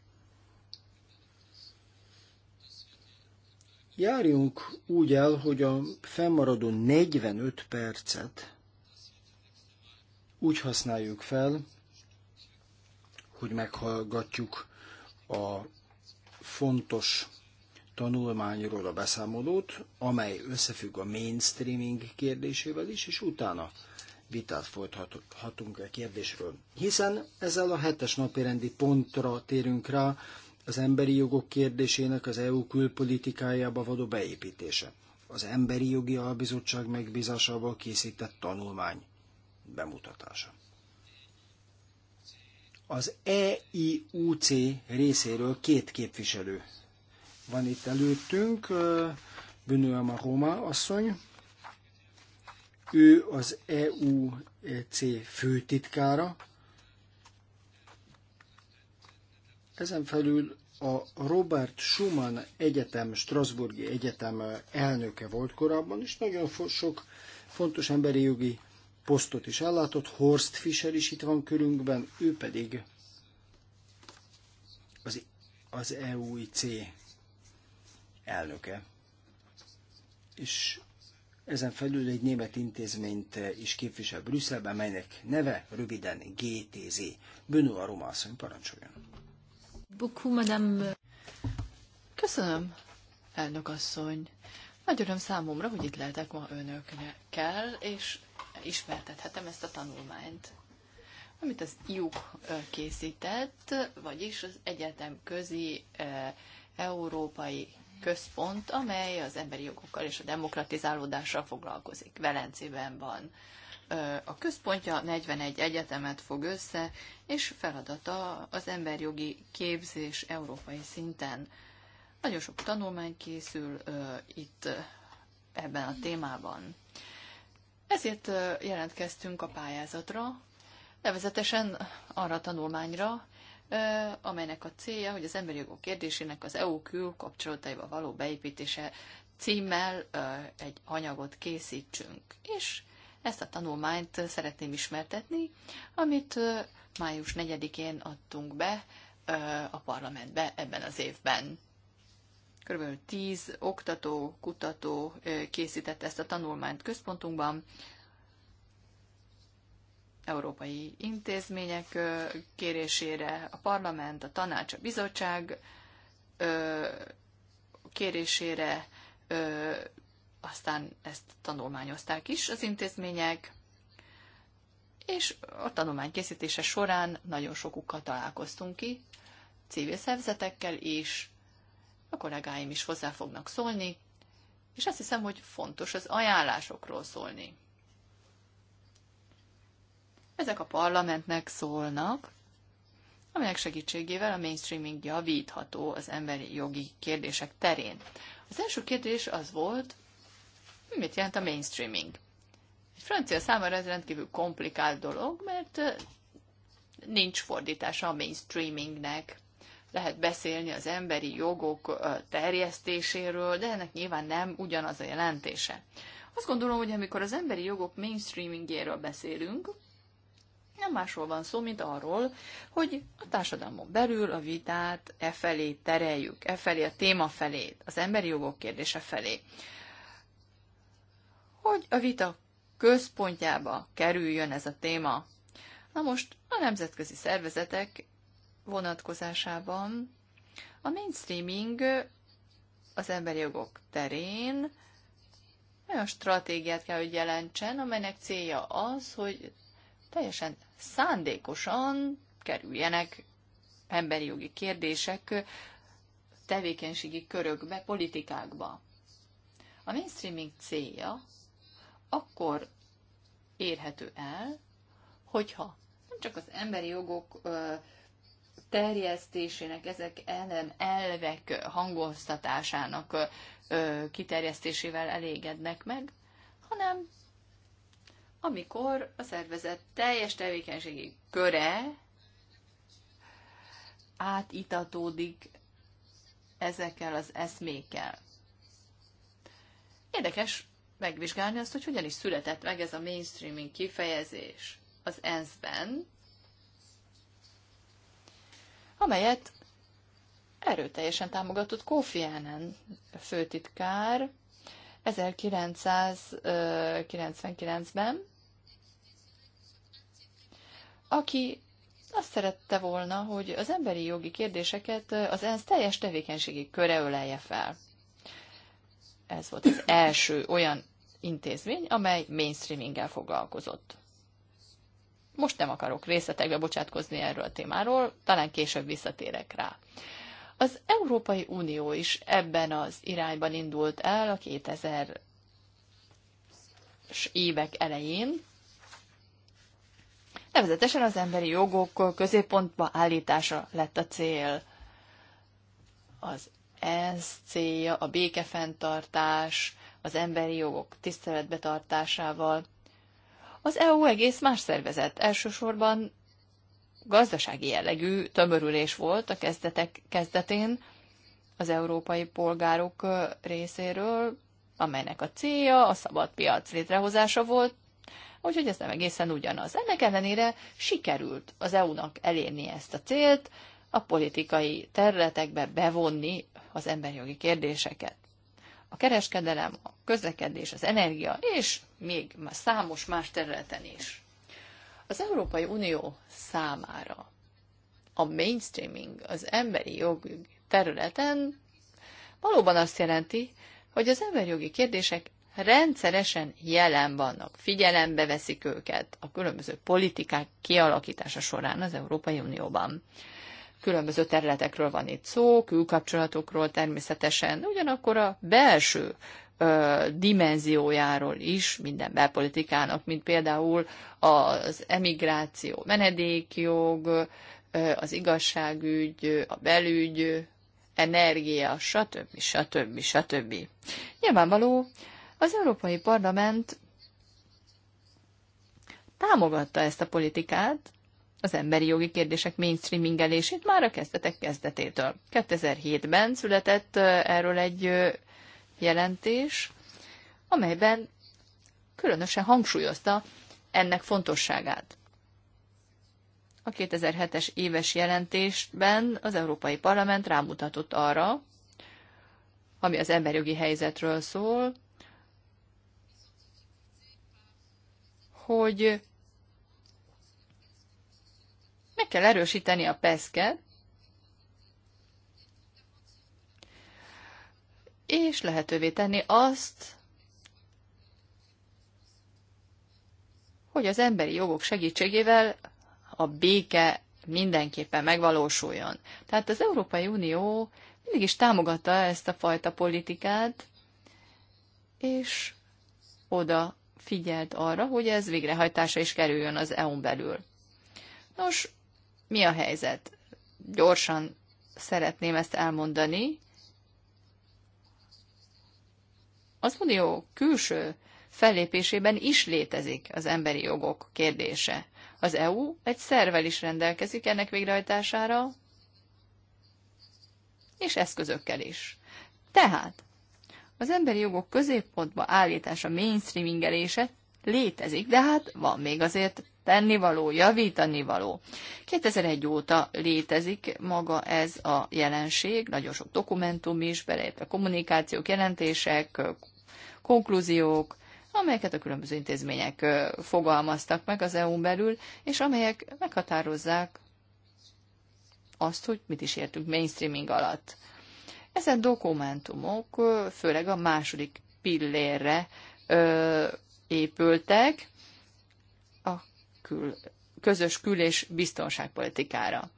Járjunk úgy el, hogy a fennmaradó 45 percet úgy használjuk fel, hogy meghallgatjuk a fontos tanulmányról a beszámolót, amely összefügg a mainstreaming kérdésével is, és utána vitát folytathatunk a e kérdésről. Hiszen ezzel a hetes napi rendi pontra térünk rá, az emberi jogok kérdésének az EU külpolitikájába való beépítése. Az Emberi Jogi Albizottság megbízásával készített tanulmány bemutatása. Az EIUC részéről két képviselő van itt előttünk, Bönőem a Roma asszony, ő az EUC e főtitkára, ezen felül a Robert Schumann Egyetem, Strasburgi Egyetem elnöke volt korábban, és nagyon sok fontos emberi jogi posztot is ellátott. Horst Fischer is itt van körünkben, ő pedig az, e- az EUIC e elnöke, és ezen felül egy német intézményt is képvisel Brüsszelben, melynek neve röviden GTZ. Bönő a roma asszony, parancsoljon. madame. Köszönöm, elnök asszony. Nagy öröm számomra, hogy itt lehetek ma önökkel, és ismertethetem ezt a tanulmányt, amit az IUK készített, vagyis az egyetem közi eh, európai központ, amely az emberi jogokkal és a demokratizálódással foglalkozik. Velencében van. A központja 41 egyetemet fog össze, és feladata az emberjogi képzés európai szinten. Nagyon sok tanulmány készül itt ebben a témában. Ezért jelentkeztünk a pályázatra, nevezetesen arra a tanulmányra, amelynek a célja, hogy az emberi jogok kérdésének az EU külkapcsolataiba való beépítése címmel egy anyagot készítsünk. És ezt a tanulmányt szeretném ismertetni, amit május 4-én adtunk be a parlamentbe ebben az évben. Körülbelül 10 oktató, kutató készítette ezt a tanulmányt központunkban, európai intézmények kérésére, a parlament, a tanács, a bizottság kérésére, aztán ezt tanulmányozták is az intézmények, és a tanulmány készítése során nagyon sokukkal találkoztunk ki, civil szervezetekkel is, a kollégáim is hozzá fognak szólni, és azt hiszem, hogy fontos az ajánlásokról szólni ezek a parlamentnek szólnak, aminek segítségével a mainstreaming javítható az emberi jogi kérdések terén. Az első kérdés az volt, mit jelent a mainstreaming? Egy francia számára ez rendkívül komplikált dolog, mert nincs fordítása a mainstreamingnek. Lehet beszélni az emberi jogok terjesztéséről, de ennek nyilván nem ugyanaz a jelentése. Azt gondolom, hogy amikor az emberi jogok mainstreamingjéről beszélünk, nem másról van szó, mint arról, hogy a társadalmon belül a vitát e felé tereljük, e felé a téma felé, az emberi jogok kérdése felé. Hogy a vita központjába kerüljön ez a téma. Na most a nemzetközi szervezetek vonatkozásában a mainstreaming az emberi jogok terén olyan stratégiát kell, hogy jelentsen, amelynek célja az, hogy teljesen szándékosan kerüljenek emberi jogi kérdések tevékenységi körökbe, politikákba. A mainstreaming célja akkor érhető el, hogyha nem csak az emberi jogok terjesztésének, ezek ellen elvek hangoztatásának kiterjesztésével elégednek meg, hanem amikor a szervezet teljes tevékenységi köre átitatódik ezekkel az eszmékkel. Érdekes megvizsgálni azt, hogy hogyan is született meg ez a mainstreaming kifejezés az ENSZ-ben, amelyet erőteljesen támogatott Kofi Annan főtitkár 1999-ben, aki azt szerette volna, hogy az emberi jogi kérdéseket az ENSZ teljes tevékenységi köre ölelje fel. Ez volt az első olyan intézmény, amely mainstreaminggel foglalkozott. Most nem akarok részletekbe bocsátkozni erről a témáról, talán később visszatérek rá. Az Európai Unió is ebben az irányban indult el a 2000-es évek elején, Nevezetesen az emberi jogok középpontba állítása lett a cél. Az ENSZ célja a békefenntartás, az emberi jogok tiszteletbetartásával. Az EU egész más szervezet, elsősorban gazdasági jellegű tömörülés volt a kezdetek kezdetén az európai polgárok részéről, amelynek a célja a szabad piac létrehozása volt, úgyhogy ez nem egészen ugyanaz. Ennek ellenére sikerült az EU-nak elérni ezt a célt, a politikai területekbe bevonni az emberjogi kérdéseket. A kereskedelem, a közlekedés, az energia, és még számos más területen is. Az Európai Unió számára a mainstreaming az emberi jog területen valóban azt jelenti, hogy az emberi jogi kérdések rendszeresen jelen vannak, figyelembe veszik őket a különböző politikák kialakítása során az Európai Unióban. Különböző területekről van itt szó, külkapcsolatokról természetesen, ugyanakkor a belső dimenziójáról is minden belpolitikának, mint például az emigráció, menedékjog, az igazságügy, a belügy, energia, stb. stb. stb. Nyilvánvaló, az Európai Parlament támogatta ezt a politikát, az emberi jogi kérdések mainstreamingelését már a kezdetek kezdetétől. 2007-ben született erről egy jelentés, amelyben különösen hangsúlyozta ennek fontosságát. A 2007-es éves jelentésben az Európai Parlament rámutatott arra, ami az emberjogi helyzetről szól, hogy meg kell erősíteni a peszket, és lehetővé tenni azt, hogy az emberi jogok segítségével a béke mindenképpen megvalósuljon. Tehát az Európai Unió mindig is támogatta ezt a fajta politikát, és oda figyelt arra, hogy ez végrehajtása is kerüljön az EU-n belül. Nos, mi a helyzet? Gyorsan szeretném ezt elmondani, Az unió külső fellépésében is létezik az emberi jogok kérdése. Az EU egy szervel is rendelkezik ennek végrehajtására, és eszközökkel is. Tehát az emberi jogok középpontba állítása, mainstreamingelése létezik, de hát van még azért tennivaló, javítani való. 2001 óta létezik maga ez a jelenség, nagyon sok dokumentum is, beleértve kommunikációk, jelentések, konklúziók, amelyeket a különböző intézmények fogalmaztak meg az EU-n belül, és amelyek meghatározzák azt, hogy mit is értünk mainstreaming alatt. Ezen dokumentumok főleg a második pillérre ö, épültek a kül, közös kül- és biztonságpolitikára,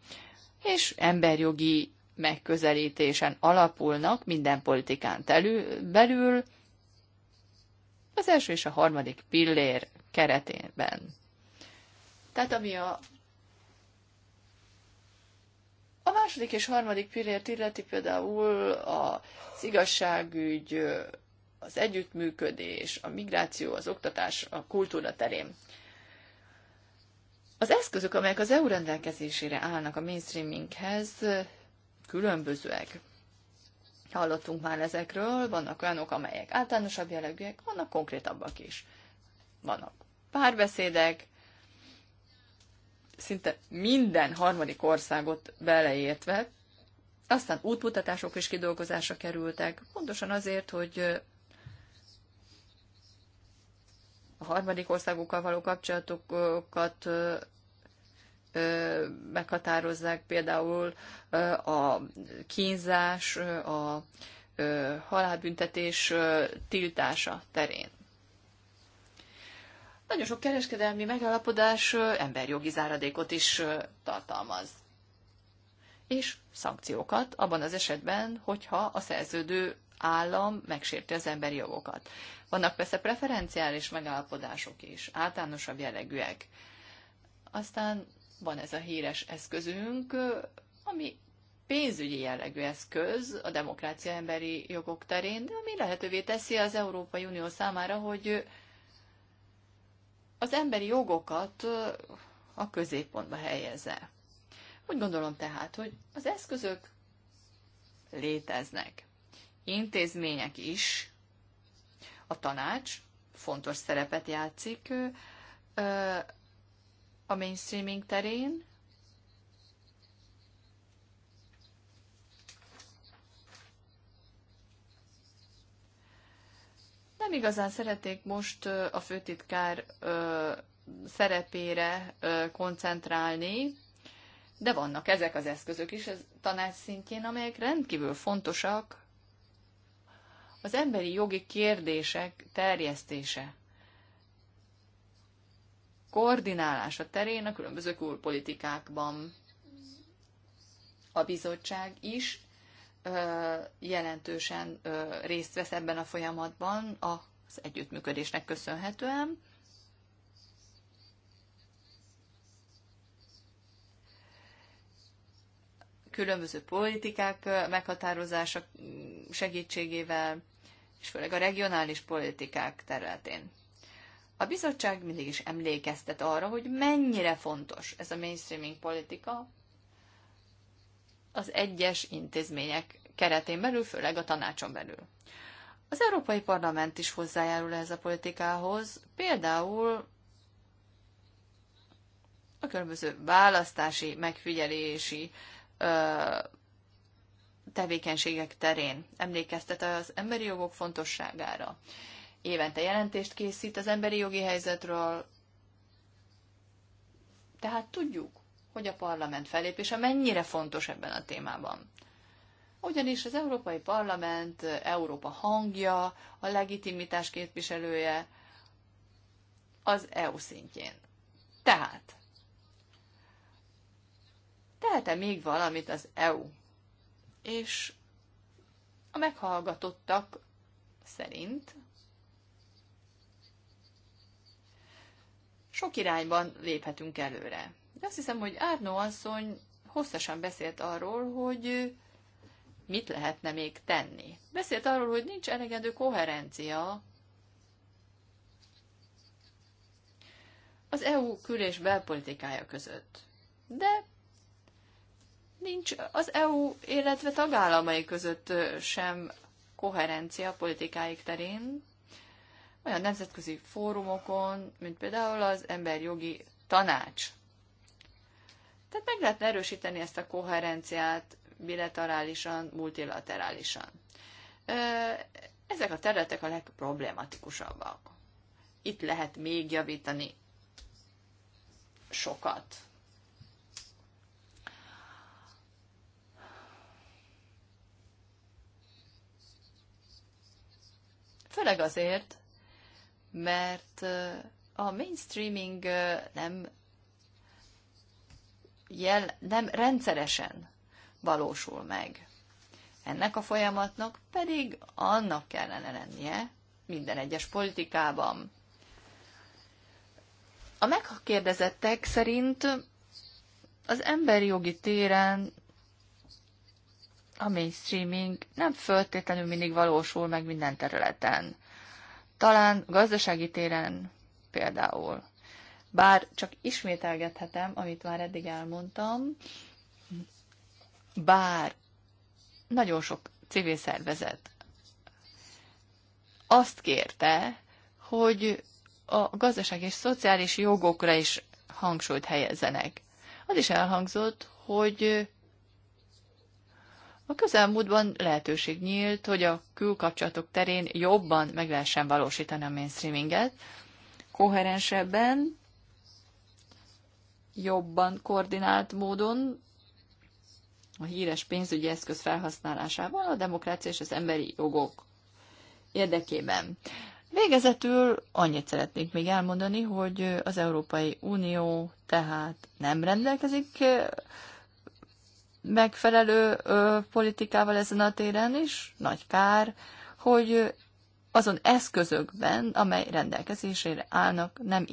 és emberjogi megközelítésen alapulnak minden politikán telül, belül, az első és a harmadik pillér keretében. Tehát ami a a második és harmadik pillért illeti például az igazságügy, az együttműködés, a migráció, az oktatás, a kultúra terén. Az eszközök, amelyek az EU rendelkezésére állnak a mainstreaminghez, különbözőek. Hallottunk már ezekről, vannak olyanok, amelyek általánosabb jellegűek, vannak konkrétabbak is. Vannak párbeszédek, szinte minden harmadik országot beleértve, aztán útmutatások is kidolgozásra kerültek, pontosan azért, hogy a harmadik országokkal való kapcsolatokat meghatározzák például a kínzás, a halálbüntetés tiltása terén. Nagyon sok kereskedelmi megállapodás emberjogi záradékot is tartalmaz és szankciókat abban az esetben, hogyha a szerződő állam megsérti az emberi jogokat. Vannak persze preferenciális megállapodások is, általánosabb jellegűek. Aztán van ez a híres eszközünk, ami pénzügyi jellegű eszköz a demokrácia emberi jogok terén, de ami lehetővé teszi az Európai Unió számára, hogy az emberi jogokat a középpontba helyezze. Úgy gondolom tehát, hogy az eszközök léteznek. Intézmények is. A tanács fontos szerepet játszik a mainstreaming terén, nem igazán szeretnék most a főtitkár szerepére koncentrálni, de vannak ezek az eszközök is a tanács szintjén, amelyek rendkívül fontosak az emberi jogi kérdések terjesztése koordinálása terén a különböző külpolitikákban. A bizottság is jelentősen részt vesz ebben a folyamatban az együttműködésnek köszönhetően. Különböző politikák meghatározása segítségével, és főleg a regionális politikák területén. A bizottság mindig is emlékeztet arra, hogy mennyire fontos ez a mainstreaming politika az egyes intézmények keretén belül, főleg a tanácson belül. Az Európai Parlament is hozzájárul ehhez a politikához, például a különböző választási, megfigyelési ö, tevékenységek terén emlékeztet az emberi jogok fontosságára évente jelentést készít az emberi jogi helyzetről. Tehát tudjuk, hogy a parlament felépése mennyire fontos ebben a témában. Ugyanis az Európai Parlament Európa hangja, a legitimitás képviselője az EU szintjén. Tehát, tehet-e még valamit az EU? És a meghallgatottak szerint sok irányban léphetünk előre. De azt hiszem, hogy Árnó asszony hosszasan beszélt arról, hogy mit lehetne még tenni. Beszélt arról, hogy nincs elegendő koherencia az EU kül- és belpolitikája között. De nincs az EU, illetve tagállamai között sem koherencia politikáik terén, olyan nemzetközi fórumokon, mint például az emberjogi tanács. Tehát meg lehetne erősíteni ezt a koherenciát bilaterálisan, multilaterálisan. Ezek a területek a legproblematikusabbak. Itt lehet még javítani sokat. Főleg azért, mert a mainstreaming nem, jel, nem rendszeresen valósul meg. Ennek a folyamatnak pedig annak kellene lennie minden egyes politikában. A megkérdezettek szerint az emberi jogi téren a mainstreaming nem föltétlenül mindig valósul meg minden területen. Talán gazdasági téren például. Bár csak ismételgethetem, amit már eddig elmondtam, bár nagyon sok civil szervezet azt kérte, hogy a gazdaság és szociális jogokra is hangsúlyt helyezzenek. Az is elhangzott, hogy a közelmúltban lehetőség nyílt, hogy a külkapcsolatok terén jobban meg lehessen valósítani a mainstreaminget, koherensebben, jobban koordinált módon, a híres pénzügyi eszköz felhasználásával a demokrácia és az emberi jogok érdekében. Végezetül annyit szeretnék még elmondani, hogy az Európai Unió tehát nem rendelkezik megfelelő ö, politikával ezen a téren is. Nagy kár, hogy azon eszközökben, amely rendelkezésére állnak, nem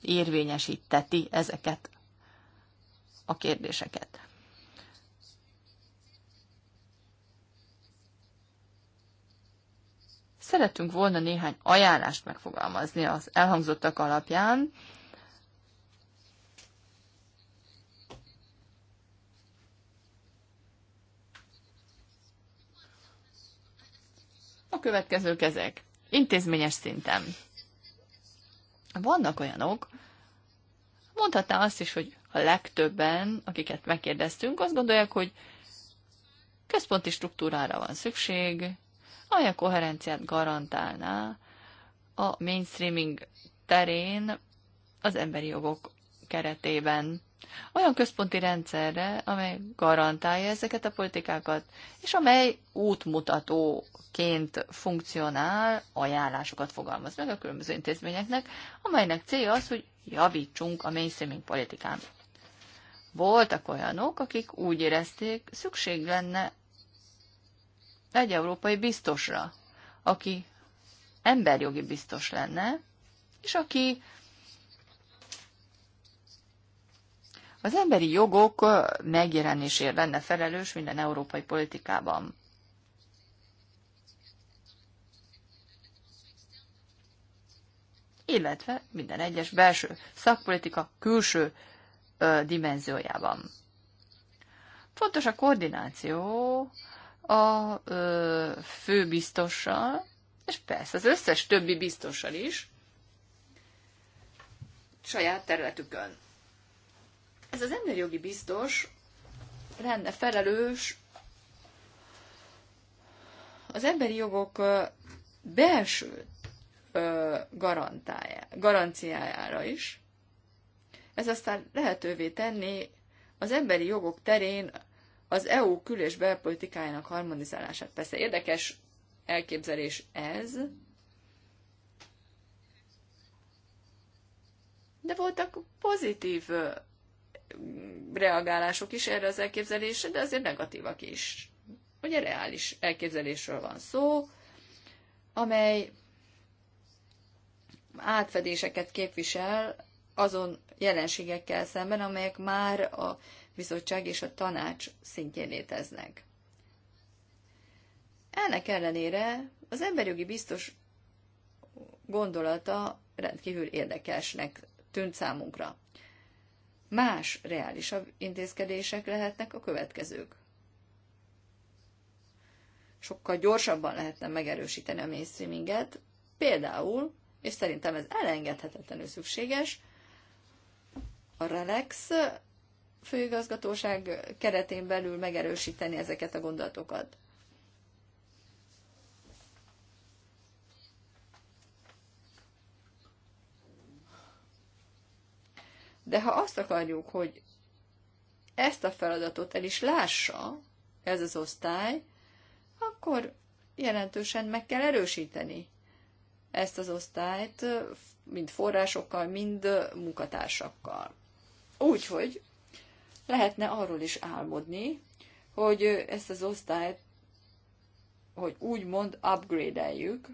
érvényesíteti ezeket a kérdéseket. Szeretünk volna néhány ajánlást megfogalmazni az elhangzottak alapján, A következők ezek. Intézményes szinten. Vannak olyanok, mondhatnám azt is, hogy a legtöbben, akiket megkérdeztünk, azt gondolják, hogy központi struktúrára van szükség, amely a koherenciát garantálná a mainstreaming terén az emberi jogok keretében olyan központi rendszerre, amely garantálja ezeket a politikákat, és amely útmutatóként funkcionál, ajánlásokat fogalmaz meg a különböző intézményeknek, amelynek célja az, hogy javítsunk a mainstreaming politikán. Voltak olyanok, akik úgy érezték, szükség lenne egy európai biztosra, aki emberjogi biztos lenne, és aki Az emberi jogok megjelenésért lenne felelős minden európai politikában. illetve minden egyes belső szakpolitika külső ö, dimenziójában. Fontos a koordináció a ö, főbiztossal, és persze az összes többi biztossal is saját területükön ez az emberjogi biztos lenne felelős az emberi jogok belső garanciájára is. Ez aztán lehetővé tenni az emberi jogok terén az EU kül- és belpolitikájának harmonizálását. Persze érdekes elképzelés ez, de voltak pozitív reagálások is erre az elképzelésre, de azért negatívak is. Ugye reális elképzelésről van szó, amely átfedéseket képvisel azon jelenségekkel szemben, amelyek már a bizottság és a tanács szintjén léteznek. Ennek ellenére az emberjogi biztos gondolata rendkívül érdekesnek tűnt számunkra. Más reálisabb intézkedések lehetnek a következők. Sokkal gyorsabban lehetne megerősíteni a mainstreaminget, például, és szerintem ez elengedhetetlenül szükséges, a Relax főigazgatóság keretén belül megerősíteni ezeket a gondolatokat. De ha azt akarjuk, hogy ezt a feladatot el is lássa ez az osztály, akkor jelentősen meg kell erősíteni ezt az osztályt, mind forrásokkal, mind munkatársakkal. Úgyhogy lehetne arról is álmodni, hogy ezt az osztályt, hogy úgymond upgrade-eljük,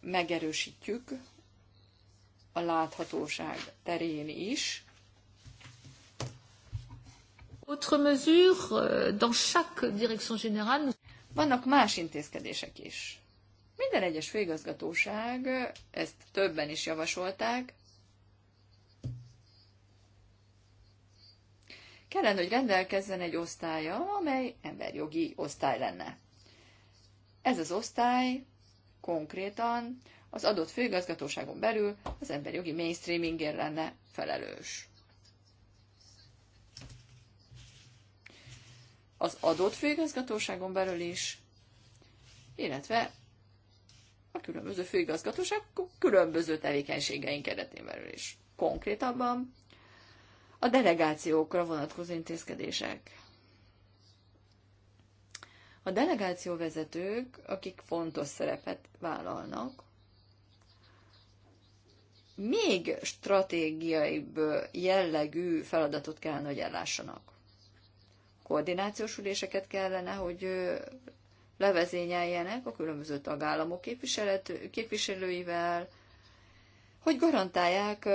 megerősítjük, a láthatóság terén is. Autre mesure, euh, dans chaque direction générale... Vannak más intézkedések is. Minden egyes főigazgatóság, ezt többen is javasolták, kellene, hogy rendelkezzen egy osztálya, amely emberjogi osztály lenne. Ez az osztály konkrétan az adott főigazgatóságon belül az emberi jogi mainstreamingért lenne felelős. Az adott főigazgatóságon belül is, illetve a különböző főigazgatóság különböző tevékenységeink keretén belül is. Konkrétabban a delegációkra vonatkozó intézkedések. A delegációvezetők, akik fontos szerepet vállalnak, még stratégiai jellegű feladatot kellene, hogy ellássanak. Koordinációs üléseket kellene, hogy levezényeljenek a különböző tagállamok képviselőivel, hogy garantálják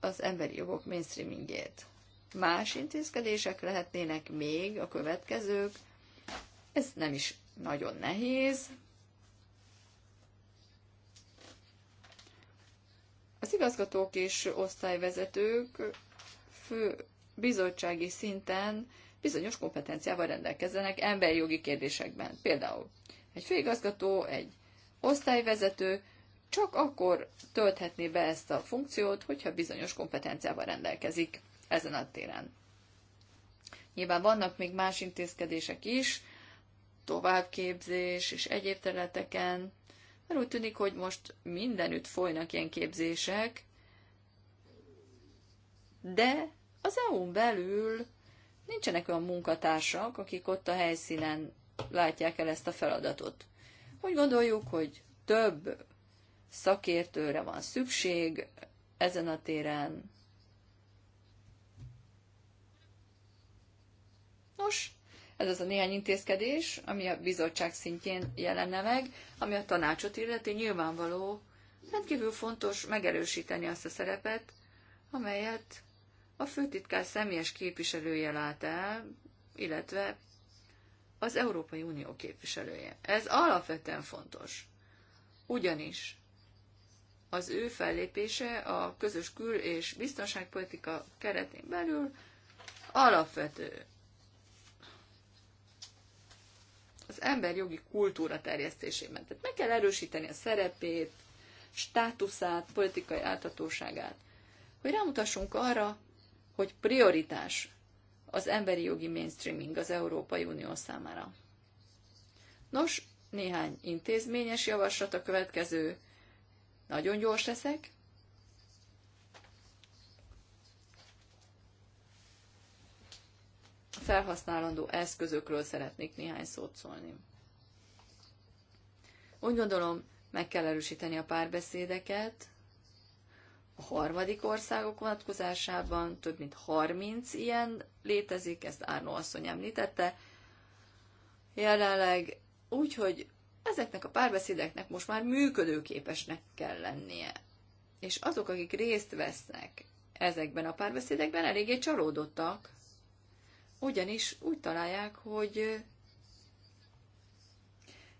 az emberi jogok mainstreamingjét. Más intézkedések lehetnének még a következők, ez nem is nagyon nehéz, Az igazgatók és osztályvezetők fő bizottsági szinten bizonyos kompetenciával rendelkezzenek emberi jogi kérdésekben. Például egy főigazgató, egy osztályvezető csak akkor tölthetné be ezt a funkciót, hogyha bizonyos kompetenciával rendelkezik ezen a téren. Nyilván vannak még más intézkedések is, továbbképzés és egyéb területeken, mert úgy tűnik, hogy most mindenütt folynak ilyen képzések, de az EU-n belül nincsenek olyan munkatársak, akik ott a helyszínen látják el ezt a feladatot. Úgy gondoljuk, hogy több szakértőre van szükség ezen a téren. Nos, ez az a néhány intézkedés, ami a bizottság szintjén jelenne meg, ami a tanácsot illeti nyilvánvaló, rendkívül fontos megerősíteni azt a szerepet, amelyet a főtitkár személyes képviselője lát el, illetve az Európai Unió képviselője. Ez alapvetően fontos. Ugyanis az ő fellépése a közös kül- és biztonságpolitika keretén belül alapvető az emberjogi kultúra terjesztésében. Tehát meg kell erősíteni a szerepét, státuszát, politikai áltatóságát, hogy rámutassunk arra, hogy prioritás az emberi jogi mainstreaming az Európai Unió számára. Nos, néhány intézményes javaslat a következő. Nagyon gyors leszek. felhasználandó eszközökről szeretnék néhány szót szólni. Úgy gondolom, meg kell erősíteni a párbeszédeket. A harmadik országok vonatkozásában több mint 30 ilyen létezik, ezt Árnó asszony említette. Jelenleg úgy, hogy ezeknek a párbeszédeknek most már működőképesnek kell lennie. És azok, akik részt vesznek ezekben a párbeszédekben, eléggé csalódottak, ugyanis úgy találják, hogy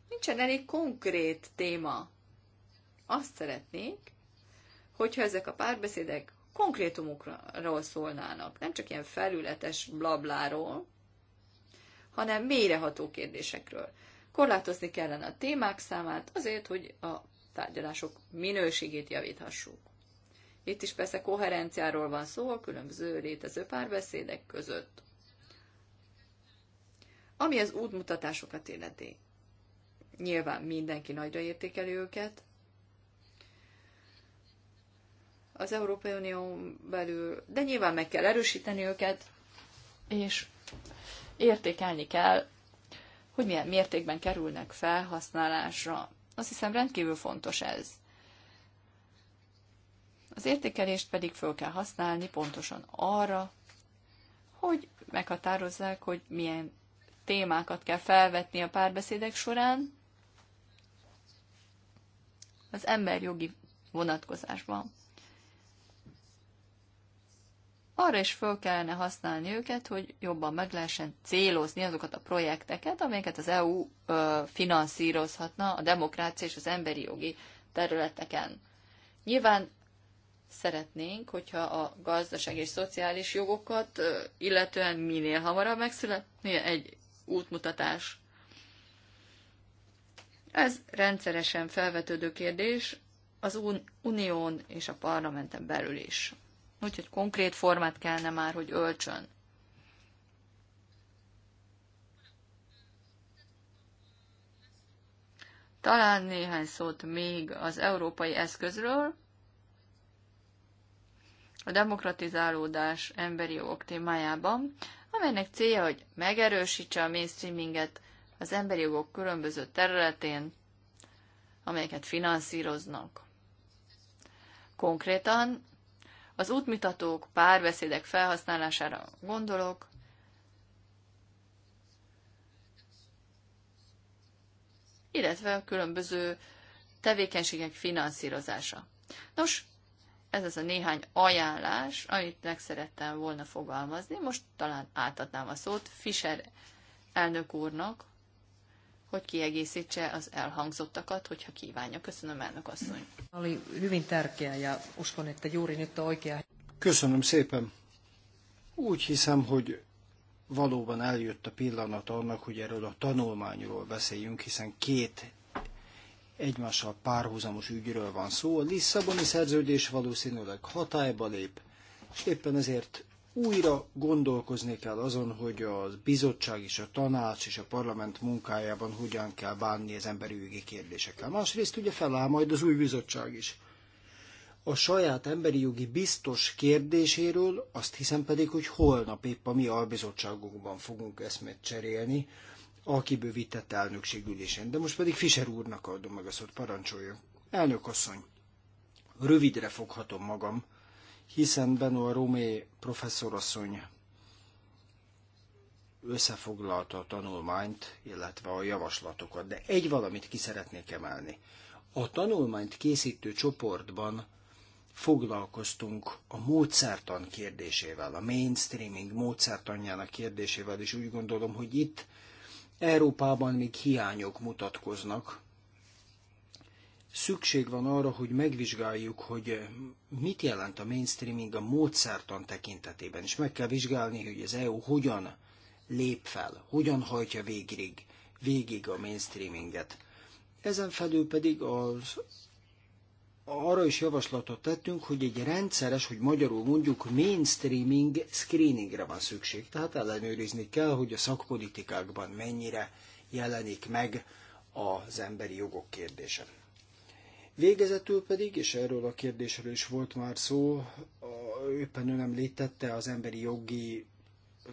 nincsen elég konkrét téma. Azt szeretnék, hogyha ezek a párbeszédek konkrétumokról szólnának, nem csak ilyen felületes blabláról, hanem mélyreható kérdésekről. Korlátozni kellene a témák számát azért, hogy a tárgyalások minőségét javíthassuk. Itt is persze koherenciáról van szó a különböző létező párbeszédek között. Ami az útmutatásokat illeti, nyilván mindenki nagyra értékeli őket. Az Európai Unió belül, de nyilván meg kell erősíteni őket, és értékelni kell, hogy milyen mértékben kerülnek felhasználásra. Azt hiszem rendkívül fontos ez. Az értékelést pedig föl kell használni pontosan arra, hogy meghatározzák, hogy milyen témákat kell felvetni a párbeszédek során az emberjogi vonatkozásban. Arra is föl kellene használni őket, hogy jobban meg lehessen célozni azokat a projekteket, amelyeket az EU ö, finanszírozhatna a demokrácia és az emberi jogi területeken. Nyilván szeretnénk, hogyha a gazdaság és szociális jogokat illetően minél hamarabb megszületne egy útmutatás. Ez rendszeresen felvetődő kérdés az unión és a parlamenten belül is. Úgyhogy konkrét formát kellene már, hogy öltsön. Talán néhány szót még az európai eszközről, a demokratizálódás emberi jogok témájában, amelynek célja, hogy megerősítse a mainstreaminget az emberi jogok különböző területén, amelyeket finanszíroznak. Konkrétan az útmutatók, párbeszédek felhasználására gondolok, illetve a különböző tevékenységek finanszírozása. Nos, ez az a néhány ajánlás, amit meg szerettem volna fogalmazni. Most talán átadnám a szót Fischer elnök úrnak, hogy kiegészítse az elhangzottakat, hogyha kívánja. Köszönöm, elnök asszony. Köszönöm szépen. Úgy hiszem, hogy valóban eljött a pillanat annak, hogy erről a tanulmányról beszéljünk, hiszen két egymással párhuzamos ügyről van szó. A Lisszaboni szerződés valószínűleg hatályba lép, és éppen ezért újra gondolkozni kell azon, hogy a bizottság és a tanács és a parlament munkájában hogyan kell bánni az emberi jogi kérdésekkel. Másrészt ugye feláll majd az új bizottság is. A saját emberi jogi biztos kérdéséről azt hiszem pedig, hogy holnap épp a mi albizottságokban fogunk eszmét cserélni, a kibővített elnökségülésen. De most pedig Fischer úrnak adom meg a szót, parancsoljon. Elnök asszony, rövidre foghatom magam, hiszen a Rómé professzorasszony összefoglalta a tanulmányt, illetve a javaslatokat. De egy valamit ki szeretnék emelni. A tanulmányt készítő csoportban foglalkoztunk a módszertan kérdésével, a mainstreaming módszertanjának kérdésével, és úgy gondolom, hogy itt Európában még hiányok mutatkoznak. Szükség van arra, hogy megvizsgáljuk, hogy mit jelent a mainstreaming a módszertan tekintetében, és meg kell vizsgálni, hogy az EU hogyan lép fel, hogyan hajtja végig, végig a mainstreaminget. Ezen felül pedig az arra is javaslatot tettünk, hogy egy rendszeres, hogy magyarul mondjuk mainstreaming screeningre van szükség. Tehát ellenőrizni kell, hogy a szakpolitikákban mennyire jelenik meg az emberi jogok kérdése. Végezetül pedig, és erről a kérdésről is volt már szó, éppen ön említette az emberi jogi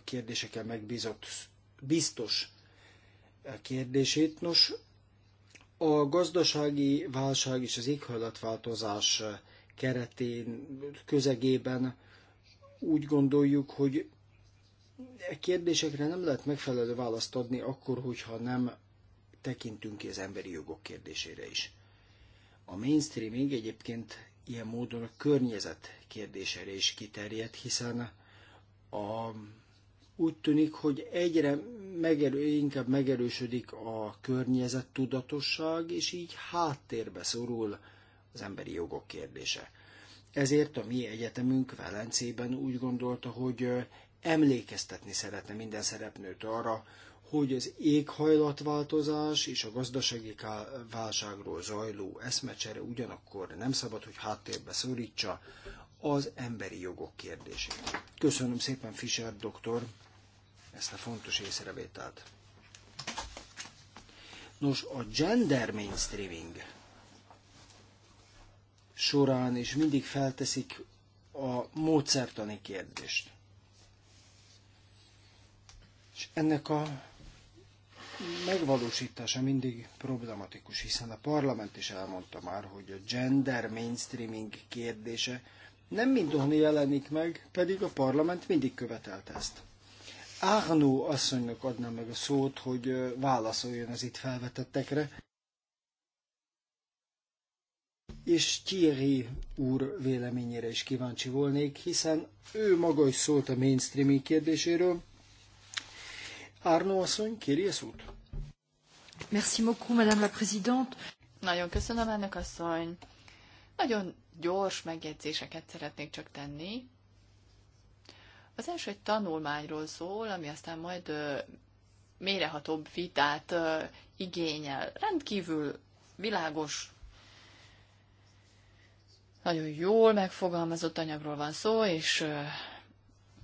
kérdésekkel megbízott biztos kérdését. Nos, a gazdasági válság és az éghajlatváltozás keretén, közegében úgy gondoljuk, hogy e kérdésekre nem lehet megfelelő választ adni akkor, hogyha nem tekintünk ki az emberi jogok kérdésére is. A mainstreaming egyébként ilyen módon a környezet kérdésére is kiterjed, hiszen a úgy tűnik, hogy egyre megerő, inkább megerősödik a környezet tudatosság és így háttérbe szorul az emberi jogok kérdése. Ezért a mi egyetemünk Velencében úgy gondolta, hogy emlékeztetni szeretne minden szereplőt arra, hogy az éghajlatváltozás és a gazdasági válságról zajló eszmecsere ugyanakkor nem szabad, hogy háttérbe szorítsa az emberi jogok kérdését. Köszönöm szépen, Fischer doktor! ezt a fontos észrevételt. Nos, a gender mainstreaming során is mindig felteszik a módszertani kérdést. És ennek a megvalósítása mindig problematikus, hiszen a parlament is elmondta már, hogy a gender mainstreaming kérdése nem mindenhol jelenik meg, pedig a parlament mindig követelte ezt. Árnó asszonynak adnám meg a szót, hogy válaszoljon az itt felvetettekre. És Thierry úr véleményére is kíváncsi volnék, hiszen ő maga is szólt a mainstreaming kérdéséről. Árnó asszony, kéri a szót. Merci beaucoup, madame la présidente. Nagyon köszönöm, elnök asszony. Nagyon gyors megjegyzéseket szeretnék csak tenni, az első egy tanulmányról szól, ami aztán majd mérehatóbb vitát igényel. Rendkívül világos, nagyon jól megfogalmazott anyagról van szó, és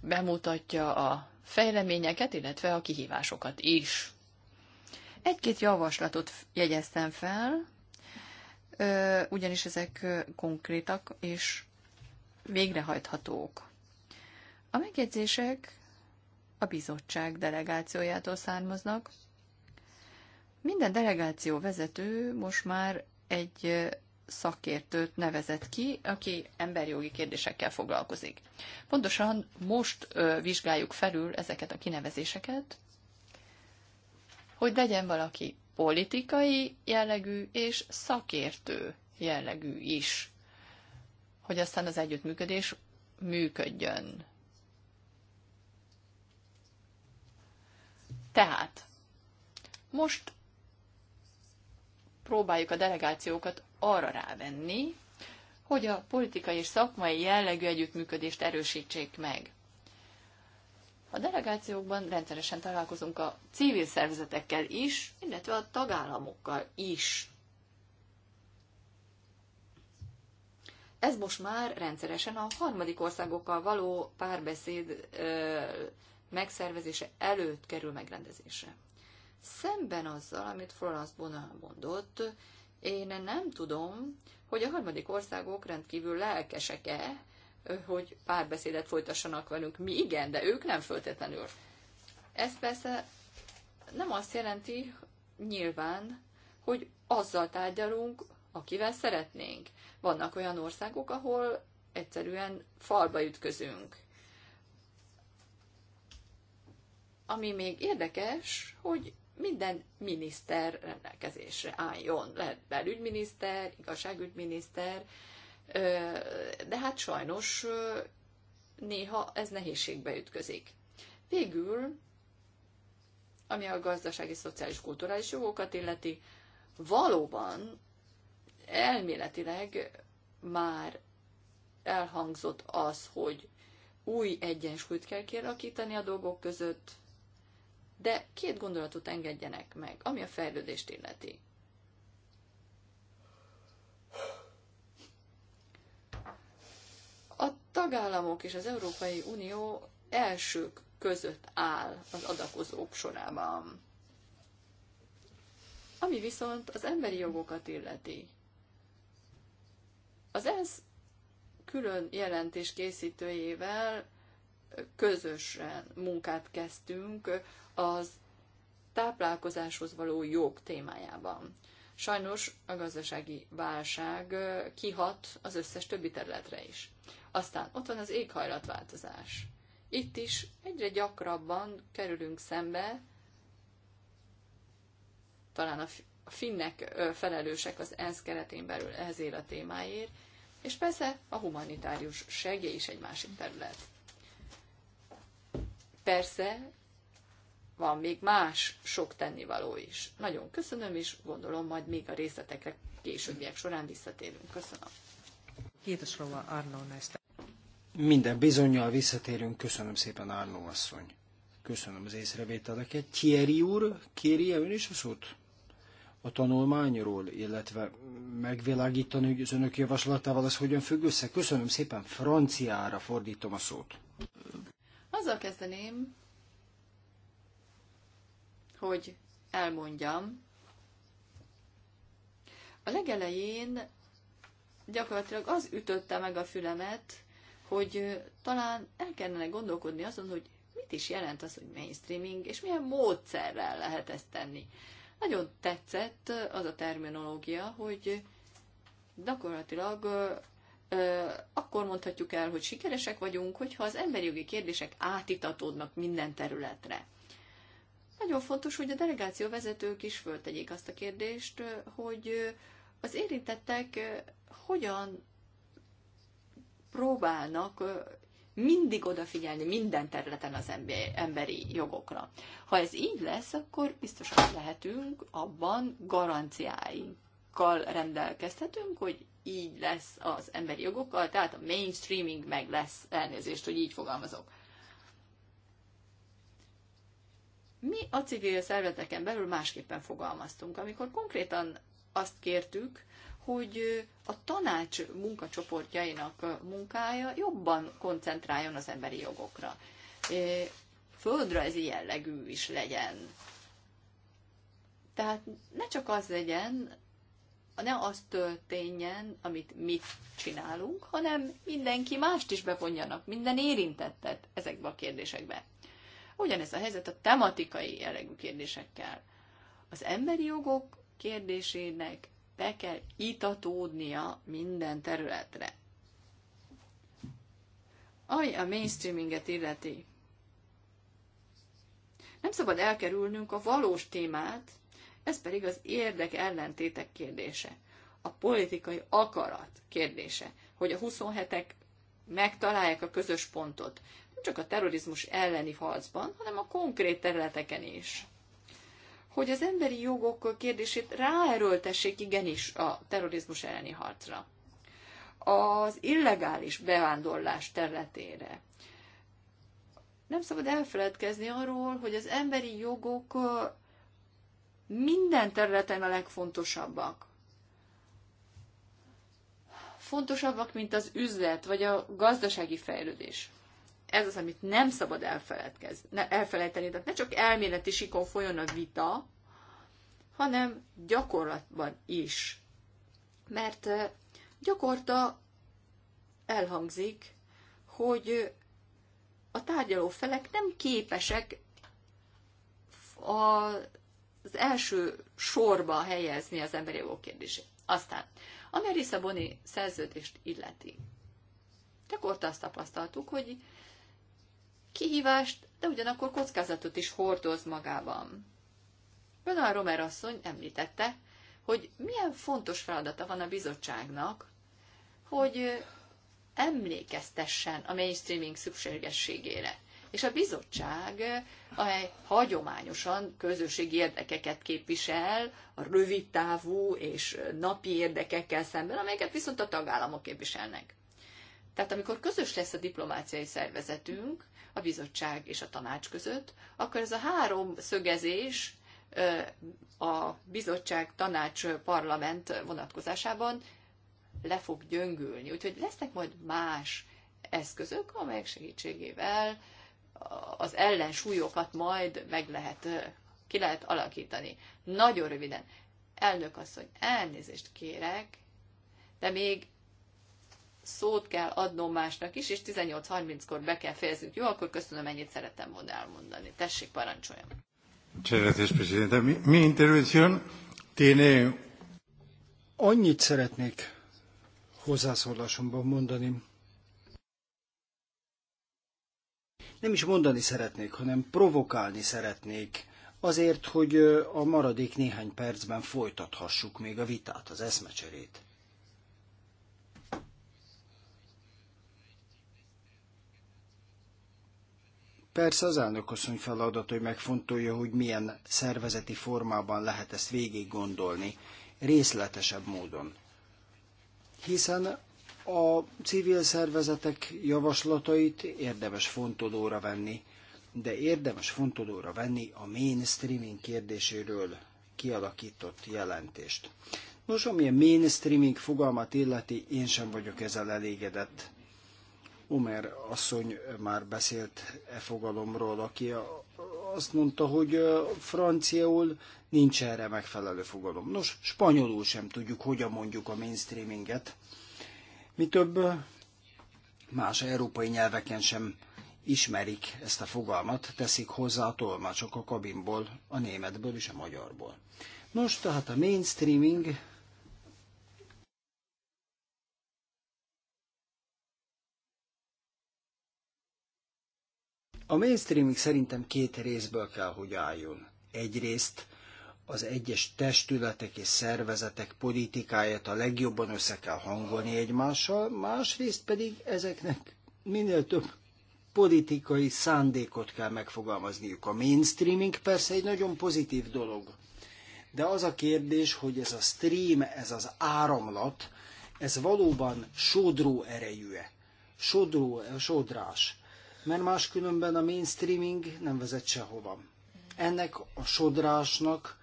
bemutatja a fejleményeket, illetve a kihívásokat is. Egy-két javaslatot jegyeztem fel, ugyanis ezek konkrétak és végrehajthatók. A megjegyzések a bizottság delegációjától származnak. Minden delegáció vezető most már egy szakértőt nevezett ki, aki emberjogi kérdésekkel foglalkozik. Pontosan most vizsgáljuk felül ezeket a kinevezéseket, hogy legyen valaki politikai jellegű és szakértő jellegű is, hogy aztán az együttműködés működjön. Tehát most próbáljuk a delegációkat arra rávenni, hogy a politikai és szakmai jellegű együttműködést erősítsék meg. A delegációkban rendszeresen találkozunk a civil szervezetekkel is, illetve a tagállamokkal is. Ez most már rendszeresen a harmadik országokkal való párbeszéd megszervezése előtt kerül megrendezésre. Szemben azzal, amit Florence Bona mondott, én nem tudom, hogy a harmadik országok rendkívül lelkesek-e, hogy párbeszédet folytassanak velünk. Mi igen, de ők nem föltétlenül. Ez persze nem azt jelenti nyilván, hogy azzal tárgyalunk, akivel szeretnénk. Vannak olyan országok, ahol egyszerűen falba ütközünk. Ami még érdekes, hogy minden miniszter rendelkezésre álljon. Lehet belügyminiszter, igazságügyminiszter, de hát sajnos néha ez nehézségbe ütközik. Végül, ami a gazdasági, szociális, kulturális jogokat illeti, valóban elméletileg már elhangzott az, hogy új egyensúlyt kell kialakítani a dolgok között, de két gondolatot engedjenek meg, ami a fejlődést illeti. A tagállamok és az Európai Unió elsők között áll az adakozók sorában. Ami viszont az emberi jogokat illeti. Az ENSZ külön jelentés készítőjével közösen munkát kezdtünk az táplálkozáshoz való jog témájában. Sajnos a gazdasági válság kihat az összes többi területre is. Aztán ott van az éghajlatváltozás. Itt is egyre gyakrabban kerülünk szembe, talán a finnek felelősek az ENSZ keretén belül ehhez él a témáért, és persze a humanitárius segély is egy másik terület. Persze van még más sok tennivaló is. Nagyon köszönöm, és gondolom majd még a részletekre későbbiek során visszatérünk. Köszönöm. Kétes Róva Arnó Minden bizonyal visszatérünk. Köszönöm szépen, Arnó asszony. Köszönöm az észrevételeket. Thierry úr, kéri -e ön is a szót? A tanulmányról, illetve megvilágítani, hogy az önök javaslatával ez hogyan függ össze. Köszönöm szépen, franciára fordítom a szót. Azzal kezdeném, hogy elmondjam. A legelején gyakorlatilag az ütötte meg a fülemet, hogy talán el kellene gondolkodni azon, hogy mit is jelent az, hogy mainstreaming, és milyen módszerrel lehet ezt tenni. Nagyon tetszett az a terminológia, hogy gyakorlatilag akkor mondhatjuk el, hogy sikeresek vagyunk, hogyha az emberi jogi kérdések átitatódnak minden területre. Nagyon fontos, hogy a delegáció vezetők is föltegyék azt a kérdést, hogy az érintettek hogyan próbálnak mindig odafigyelni minden területen az emberi jogokra. Ha ez így lesz, akkor biztosan lehetünk abban garanciáinkkal rendelkeztetünk, hogy így lesz az emberi jogokkal, tehát a mainstreaming meg lesz elnézést, hogy így fogalmazok. Mi a civil szervezeteken belül másképpen fogalmaztunk, amikor konkrétan azt kértük, hogy a tanács munkacsoportjainak munkája jobban koncentráljon az emberi jogokra. E, földrajzi jellegű is legyen. Tehát ne csak az legyen, ne az történjen, amit mi csinálunk, hanem mindenki mást is bevonjanak, minden érintettet ezekbe a kérdésekbe. Ugyanez a helyzet a tematikai jellegű kérdésekkel. Az emberi jogok kérdésének be kell itatódnia minden területre. Aj, a mainstreaminget illeti. Nem szabad elkerülnünk a valós témát, ez pedig az érdek ellentétek kérdése, a politikai akarat kérdése, hogy a 27-ek megtalálják a közös pontot csak a terrorizmus elleni harcban, hanem a konkrét területeken is. Hogy az emberi jogok kérdését ráerőltessék igenis a terrorizmus elleni harcra. Az illegális bevándorlás területére. Nem szabad elfeledkezni arról, hogy az emberi jogok minden területen a legfontosabbak fontosabbak, mint az üzlet vagy a gazdasági fejlődés ez az, amit nem szabad ne, elfelejteni. Tehát ne csak elméleti sikon folyjon a vita, hanem gyakorlatban is. Mert gyakorta elhangzik, hogy a tárgyaló felek nem képesek az első sorba helyezni az emberi jogok kérdését. Aztán, ami a Lisszaboni szerződést illeti. Gyakorta azt tapasztaltuk, hogy kihívást, de ugyanakkor kockázatot is hordoz magában. Bernard Romer asszony említette, hogy milyen fontos feladata van a bizottságnak, hogy emlékeztessen a mainstreaming szükségességére. És a bizottság, amely hagyományosan közösségi érdekeket képvisel, a rövid távú és napi érdekekkel szemben, amelyeket viszont a tagállamok képviselnek. Tehát amikor közös lesz a diplomáciai szervezetünk, a bizottság és a tanács között, akkor ez a három szögezés a bizottság, tanács, parlament vonatkozásában le fog gyöngülni. Úgyhogy lesznek majd más eszközök, amelyek segítségével az ellensúlyokat majd meg lehet, ki lehet alakítani. Nagyon röviden, elnök asszony, elnézést kérek, de még szót kell adnom másnak is, és 18.30-kor be kell fejeznünk. Jó, akkor köszönöm, ennyit szerettem volna elmondani. Tessék, parancsoljam. Mi intervención tiene... Annyit szeretnék hozzászólásomban mondani. Nem is mondani szeretnék, hanem provokálni szeretnék, azért, hogy a maradék néhány percben folytathassuk még a vitát, az eszmecserét. Persze az elnökasszony feladat, hogy megfontolja, hogy milyen szervezeti formában lehet ezt végig gondolni, részletesebb módon. Hiszen a civil szervezetek javaslatait érdemes fontolóra venni, de érdemes fontolóra venni a mainstreaming kérdéséről kialakított jelentést. Nos, ami a mainstreaming fogalmat illeti, én sem vagyok ezzel elégedett Umer asszony már beszélt e fogalomról, aki azt mondta, hogy franciául nincs erre megfelelő fogalom. Nos, spanyolul sem tudjuk, hogyan mondjuk a mainstreaminget. Mi több, más európai nyelveken sem ismerik ezt a fogalmat, teszik hozzá a tolmácsok a kabinból, a németből és a magyarból. Nos, tehát a mainstreaming A mainstreaming szerintem két részből kell, hogy álljon. Egyrészt az egyes testületek és szervezetek politikáját a legjobban össze kell hangolni egymással, másrészt pedig ezeknek minél több politikai szándékot kell megfogalmazniuk. A mainstreaming persze egy nagyon pozitív dolog, de az a kérdés, hogy ez a stream, ez az áramlat, ez valóban sodró erejű-e? Sodró, sodrás mert máskülönben a mainstreaming nem vezet sehova. Ennek a sodrásnak,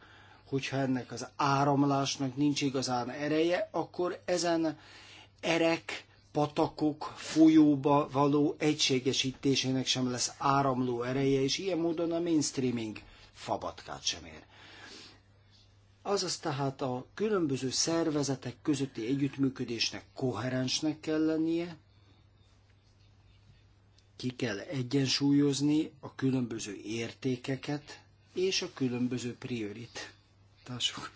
hogyha ennek az áramlásnak nincs igazán ereje, akkor ezen erek, patakok, folyóba való egységesítésének sem lesz áramló ereje, és ilyen módon a mainstreaming fabatkát sem ér. Azaz tehát a különböző szervezetek közötti együttműködésnek koherensnek kell lennie, ki kell egyensúlyozni a különböző értékeket és a különböző prioritásokat.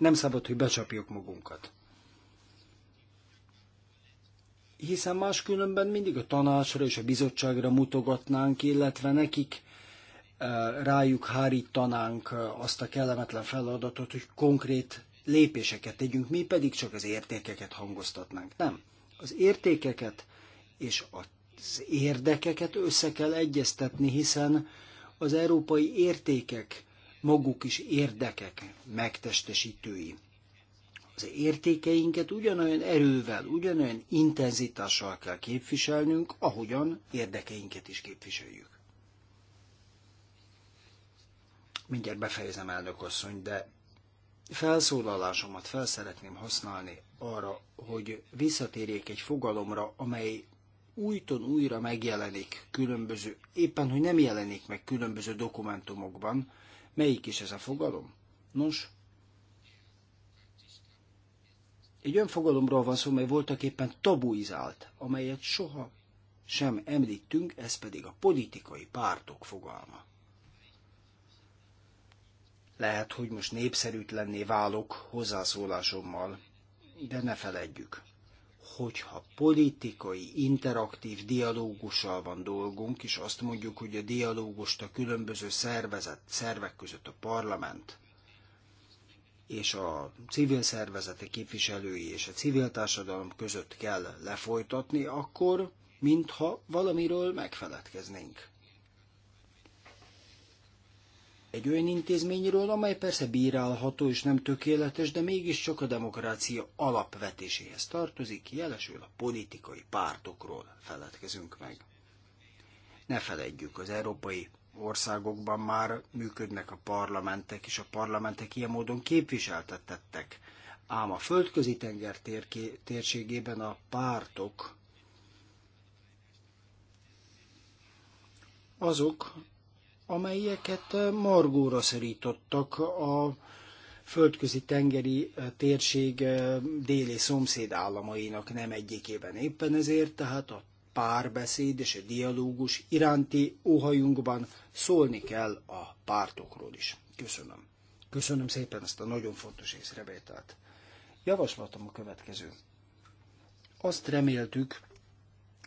Nem szabad, hogy becsapjuk magunkat. Hiszen máskülönben mindig a tanácsra és a bizottságra mutogatnánk, illetve nekik eh, rájuk hárítanánk eh, azt a kellemetlen feladatot, hogy konkrét lépéseket tegyünk, mi pedig csak az értékeket hangoztatnánk. Nem. Az értékeket és az érdekeket össze kell egyeztetni, hiszen az európai értékek maguk is érdekek megtestesítői. Az értékeinket ugyanolyan erővel, ugyanolyan intenzitással kell képviselnünk, ahogyan érdekeinket is képviseljük. Mindjárt befejezem, elnök asszony, de felszólalásomat fel szeretném használni arra, hogy visszatérjék egy fogalomra, amely újton újra megjelenik különböző, éppen hogy nem jelenik meg különböző dokumentumokban. Melyik is ez a fogalom? Nos, egy olyan fogalomról van szó, mely voltak éppen tabuizált, amelyet soha sem említünk, ez pedig a politikai pártok fogalma. Lehet, hogy most népszerűtlenné válok hozzászólásommal, de ne feledjük, hogyha politikai, interaktív dialógussal van dolgunk, és azt mondjuk, hogy a dialógust a különböző szervezet, szervek között a parlament és a civil szervezetek képviselői és a civil társadalom között kell lefolytatni, akkor mintha valamiről megfeledkeznénk. Egy olyan intézményről, amely persze bírálható és nem tökéletes, de mégiscsak a demokrácia alapvetéséhez tartozik, jelesül a politikai pártokról feledkezünk meg. Ne feledjük, az európai országokban már működnek a parlamentek, és a parlamentek ilyen módon képviseltetettek. Ám a földközi tenger térségében a pártok azok, amelyeket margóra szorítottak a földközi tengeri térség déli szomszéd államainak nem egyikében. Éppen ezért tehát a párbeszéd és a dialógus iránti óhajunkban szólni kell a pártokról is. Köszönöm. Köszönöm szépen ezt a nagyon fontos észrevételt. Javaslatom a következő. Azt reméltük,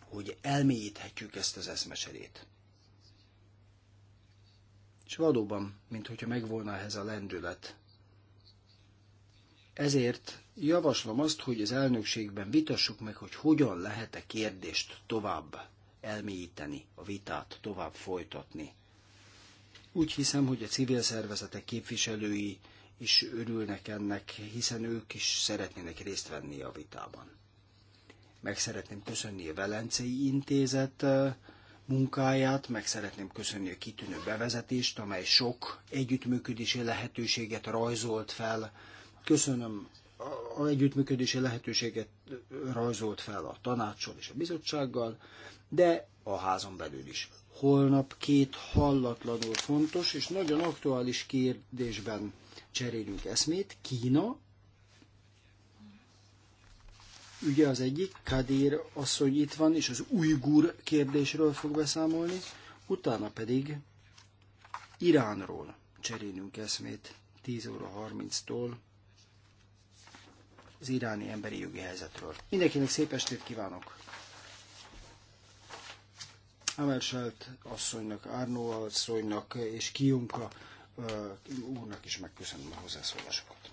hogy elmélyíthetjük ezt az eszmeserét. És valóban, mintha megvolna ehhez a lendület. Ezért javaslom azt, hogy az elnökségben vitassuk meg, hogy hogyan lehet e kérdést tovább elmélyíteni, a vitát tovább folytatni. Úgy hiszem, hogy a civil szervezetek képviselői is örülnek ennek, hiszen ők is szeretnének részt venni a vitában. Meg szeretném köszönni a Velencei Intézet munkáját, meg szeretném köszönni a kitűnő bevezetést, amely sok együttműködési lehetőséget rajzolt fel. Köszönöm a együttműködési lehetőséget rajzolt fel a tanácsol és a bizottsággal, de a házon belül is. Holnap két hallatlanul fontos és nagyon aktuális kérdésben cserélünk eszmét, Kína ügye az egyik, Kadir asszony itt van, és az ujgur kérdésről fog beszámolni, utána pedig Iránról cserélünk eszmét 10 óra 30-tól az iráni emberi jogi helyzetről. Mindenkinek szép estét kívánok! Amerselt asszonynak, Árnó asszonynak és Kiunka úrnak is megköszönöm a hozzászólásokat.